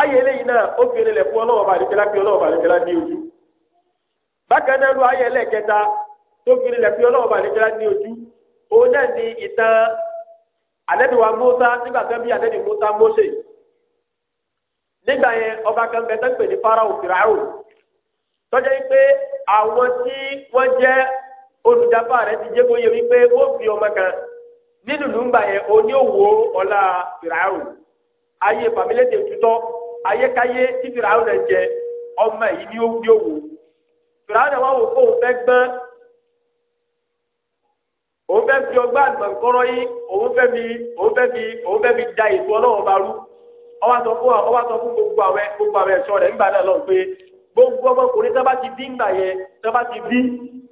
ayé eléyìí náà ó fi eré lẹ̀ fún ọlọ́wọ́ bàdìkẹ́lá fi ọlọ́wọ́ bàdìkẹ́lá ní ojú bákan náà lu ayé ẹlẹ́ẹ̀kẹta tó fi eré fi ọlọ́wọ́ bàdìkẹ́lá ní ojú òun náà ni ìtàn àdẹ́dùwà Mùsá nígbà kan bí àdẹ́dù Mùsá Mósè nígbà yẹn ọba kan bẹ tó ń pè ní Fáráò Fìràwò tọ́jà yìí pé àwọn tí wọ́n jẹ́ olùjábá rẹ̀ ti jẹ́ kó yẹ wípé ó fi ọmọ kan nínú ìlú yẹn oní ọlá Fìràwò ayé fàmílẹ́tẹ̀ tutọ́. ayékáyé tí fìràwọ̀ jẹ ọmọ yìí ni ó wúlò wò fìràwọ̀ rẹ̀ wò kó o fẹ́ gbọ́n fi ọgbà àgbọ̀nkọ́rọ́ yìí òun fẹ́ bi òun fẹ́ fi o fẹ́ fi da ètò sọ fún sọ fún gbogbo àwẹ gbogbo àwẹ ẹ̀ṣọ́ rẹ̀ nígbà náà lọ gbogbo ọmọkùnrin tá ti bí ńgbà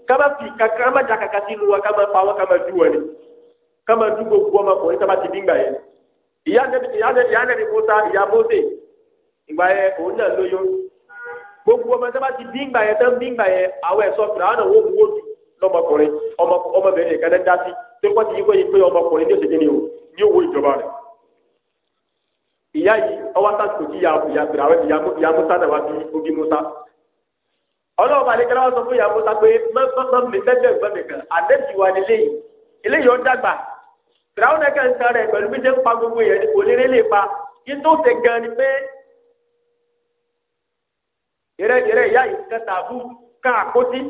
kama fi kàkà má ja kàkà sí inú wa pa wọn gbogbo ọmọkùnrin ti bí ńgbà ìyá ìyá ìyá ìgbà yẹn òun náà lóyún gbogbo ọmọ sábà ti bí ìgbà yẹn tán bí ìgbà yẹn àwọn ẹ̀sọ́ fìlà wọn náà wó wó sí lọmọkùnrin ọmọbìnrin nìkan náà dá sí tó kọ́ ti yí pé pé ọmọkùnrin ní òṣèlú ni o ní owó ìjọba rẹ̀ ìyá yìí ọwọ́ sásìkò tí ìyá fìlà wọn ìyá musa náà wá bí ogi musa ọlọ́wọ́ àlekẹ́lá wọn sọ fún ìyá musa pé mẹ́fẹ́fẹ́ fìràwọn ẹgbẹ nǹkan ni yẹrẹyẹrẹ ìyá yìí kẹta àbú ká àkótí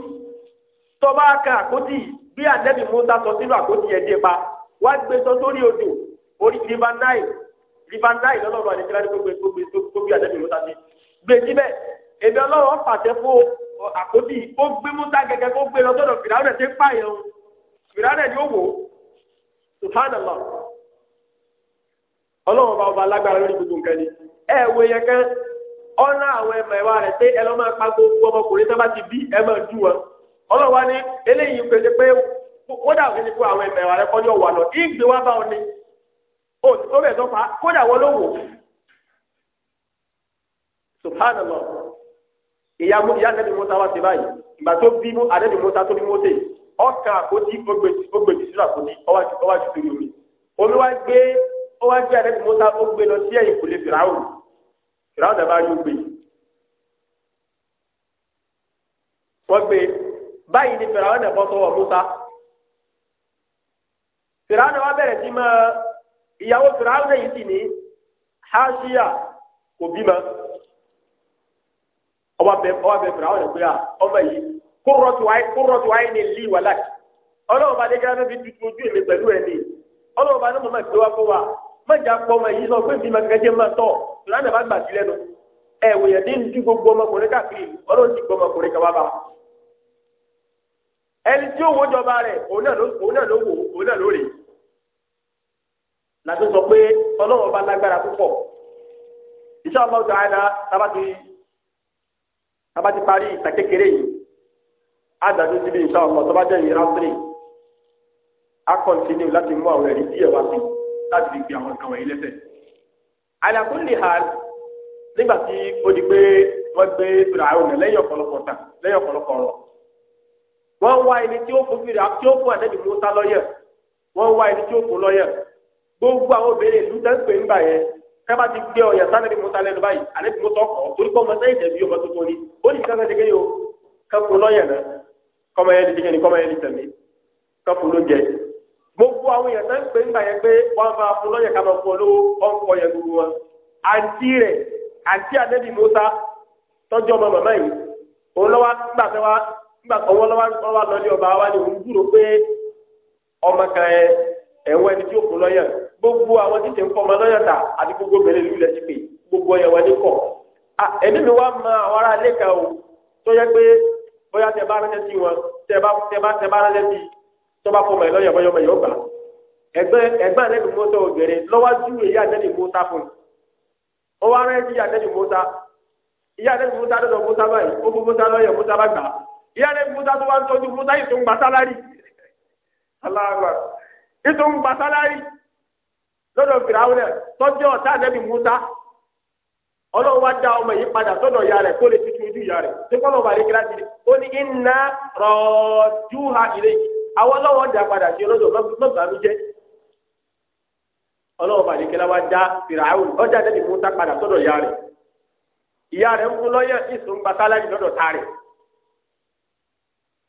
tọba ká àkótí bí àdẹ́bí musa sọ sínú àkótí yẹn dé pa wá gbé sọ sórí odò orí river nile river nile lọ́lọ́run àdéjìlá ní gbogbo gbogbo gbogbo àdẹ́bí musa sí gbé síbẹ̀ èmi ọlọ́run pàṣẹ fún àkótí ó gbé musa gẹ́gẹ́ kó gbé lọ sọ́dọ̀ fìdáwọ́ rẹ̀ ṣe ń pààyàn fìdáwọ́ rẹ̀ ni ó wò ó subhanallah ọlọ́run bá ọba alágbára lórí gbogbo nǹkan ni ẹ̀ wọ ọ̀nà àwọn ẹ̀mọ̀ ẹ̀wà rẹ̀ pé ẹ lọ́ máa pa gbogbo ọmọkùnrin tó bá ti bí ẹ máa dú wọn ọlọ́wà ni eléyìí pèsè pé kódà òfin ni pé àwọn ẹ̀mọ̀ ẹ̀wà rẹ̀ kọ́jọ́ wà lọ ìgbé wá bá wọn ni ó tó bẹ̀ tó pa kódà wọn ló wò subhanallah ìyá ìyá nẹ́bí mọ́tà wá sí báyìí ìgbà tó bí mú àdẹ́bí mọ́tà tó bí mọ́tà ọkà àkótí ogbèjì sílẹ̀ àkótí ọwájú tó yọ omi omi wá gbé ọwájú àdẹ́bí mọ́tà ó gbé lọ sí ẹ̀yìn kò lè fìrà áwùn fìràwọn dàbá yóò gbé wọ́n gbé báyìí ni fìràwọn dàbọ sọ́wọ́ Musa fìràwọn dàbá bẹ̀rẹ̀ sí máa ìyàwó fìràwọn dàbá yìí sì ní haṣíà kò bímọ ọba bẹ ọba bẹ fìràwọn dàbá yà ọba yìí kúrọ̀tù wáyé kúrọ̀tù wáyé ni lì wà láti ọlọ́wọ́ bá dẹ́gẹ́ rẹ́ fi tutù ojú èmi pẹ̀lú ẹ̀ ọlọ́wọ́ bá ní mo máa gbé pọ̀ ọmọ yìí sọ pé bí màkàjẹ́ máa tọ̀. ìlànà bá gbà sí lẹ́nu ẹ wòye ní ní gbogbo ọmọkùnrin káàkiri ọlọ́run ti gbọ́ ọmọkùnrin kan wá ẹni tí ó wo jọba rẹ̀ òun náà ló wò òun náà ló rè láti sọ pé ọlọ́run ọba lágbára púpọ̀ iṣẹ́ ọmọ ọ̀dọ̀ àyànà tábàtì tábàtì parí ìta kékeré yìí síbi ọmọ tó bá jẹ́ ìyẹn ala kulli hal nígbà tí ó di pé wọ́n gbé fìrà àwọn ọ̀nà lẹ́yìn ọ̀pọ̀lọpọ̀ tà lẹ́yìn ọ̀pọ̀lọpọ̀ ọ̀rọ̀ wọ́n wá ẹni tí ó fún fìrà tí ó fún àdẹ́bí Musa lọ́yẹ̀ wọ́n wá ẹni tí ó fún lọ́yẹ̀ gbogbo àwọn obìnrin ìlú tẹ́ ń pè nígbà yẹn kẹ́bà ti gbé ọ̀yà sádẹ́bí Musa lẹ́nu báyìí àdẹ́bí Musa ọkọ̀ torí pé ọmọ sẹ́yìn tẹ̀bí ọmọ tuntun ni ó ní kankan ti kéde gbogbo àwọn èèyàn náà ń pè nígbà yẹn pé wọn máa fún lọ́yẹ̀ ká máa fún olówó ọ̀nkọ yẹn gbogbo wọn àǹtí rẹ̀ àǹtí àdébì Musa tọ́jú ọmọ màmá yìí òun lọ́wọ́ nígbà tẹ́wà nígbà tó wọ́n lọ́wọ́ ọba wa ni òun dúró pé ọmọ kan ẹ ẹni tí ó fún lọ́yẹ̀ gbogbo àwọn títí ń fọmọ lọ́yẹ̀ àti gbogbo mẹ́rin tọ́ba fún ọmọ ẹ lọ́yọ̀ bọ́yọ̀ ọmọ yóò gbà ẹgbẹ́ ẹgbẹ́ anẹ́bí mọ́tò ògèrè lọ́wájú èyí anẹ́bí mọ́tà fún un ó wá rẹ́ sí anẹ́bí mọ́tà ìyá anẹ́bí mọ́tà lọ́dọ̀ mọ́tà báyìí ó fún mọ́tà lọ́yọ̀ mọ́tà bá gbà ìyá anẹ́bí mọ́tà tó wá ń tọ́jú mọ́tà yìí tó ń gbà sálárì aláàgbà ètò ń gba sálárì lọ́dọ̀ fìràwọn ẹ̀ tọ́jú ọ̀tá àdẹ́bí Musa ọlọ́run wá dá ọmọ yìí padà sọ́dọ̀ ìyá rẹ̀ kó lè tutù ojú ìyá rẹ̀ tó kọ́ lọ́ba àríkìlá ti ó ní iná rọ̀ọ́jú ha ilé àwọn ọlọ́wọ́n dà padà sí ọlọ́dọ̀ mọ́bàánú jẹ́ ọlọ́wọ́n bàdé kẹlẹ́ wa dá fìràwù ọjà dẹ́bi mú ta padà sọ́dọ̀ ìyá rẹ̀ ìyá rẹ̀ ń fún lọ́yẹ̀ ìsùn gbasáláyì lọ́dọ̀ ta rẹ̀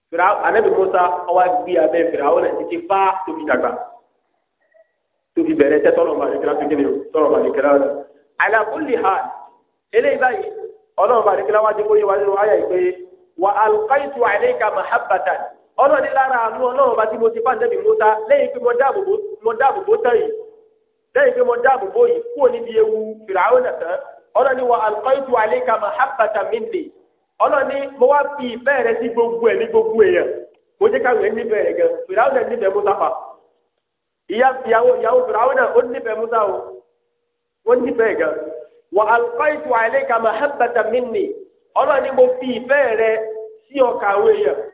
fìràwù anẹ́bi Musa ọwọ́ gbé abẹ́ fìràwù rẹ̀ títí fá tóbi dàgbà tóbi bẹ̀rẹ̀ tẹ́ tọ́lọ̀ bàdé kẹlẹ́ tó kéde tọ́lọ̀ bàdé kẹlẹ́ rẹ̀ àlàkùnlé ha eléyìí báyìí ọlọ́wọ́n bàdé wa dé ọlọ́ọ̀ni lára àánú ọlọ́run bá tí mo ti bá nẹ́bí Mùsá lẹ́yìn pé mo dáàbò bó tán yìí lẹ́yìn pé mo dáàbò bó yìí kúrò níbi ewu fìràwọ́ nàtàn ọlọ́ọ̀ni wa alqaitu alayka mahabbata minni ọlọ́ọ̀ni mo wá fi ìfẹ́ rẹ sí gbogbo ẹ̀ ní gbogbo èèyàn mo jẹ́ káwé níbẹ̀ rẹ̀ gan fìràwọ́ náà níbẹ̀ Mùsá fa ìyàwó ìyàwó fìràwọ́ náà ó níbẹ̀ Mùsá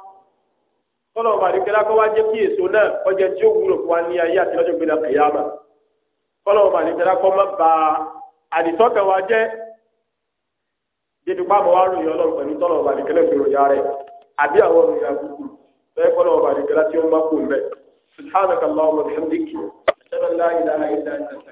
tọ́lọ̀ ọba àdìkẹ́lá kọ́ wá jẹ́ kí èso náà kọjá tí ó wúlò fún wa ní ayé àti lọ́jọ́ gbéra kẹyàmà tọ́lọ̀ ọba àdìkẹ́lá kọ́ má ba àdìsọ́kẹ́ wa jẹ́ dídùpá àmọ́ wa ròyìn ọlọ́run pẹ̀lú tọ́lọ̀ ọba àdìkẹ́lá fi ròyìn rẹ̀ àbí àwọn ròyìn àbúkù bẹ́ẹ̀ kọ́lọ̀ ọba àdìkẹ́lá tí ó má kó mbẹ́ subhanakallahumma wa bihamdika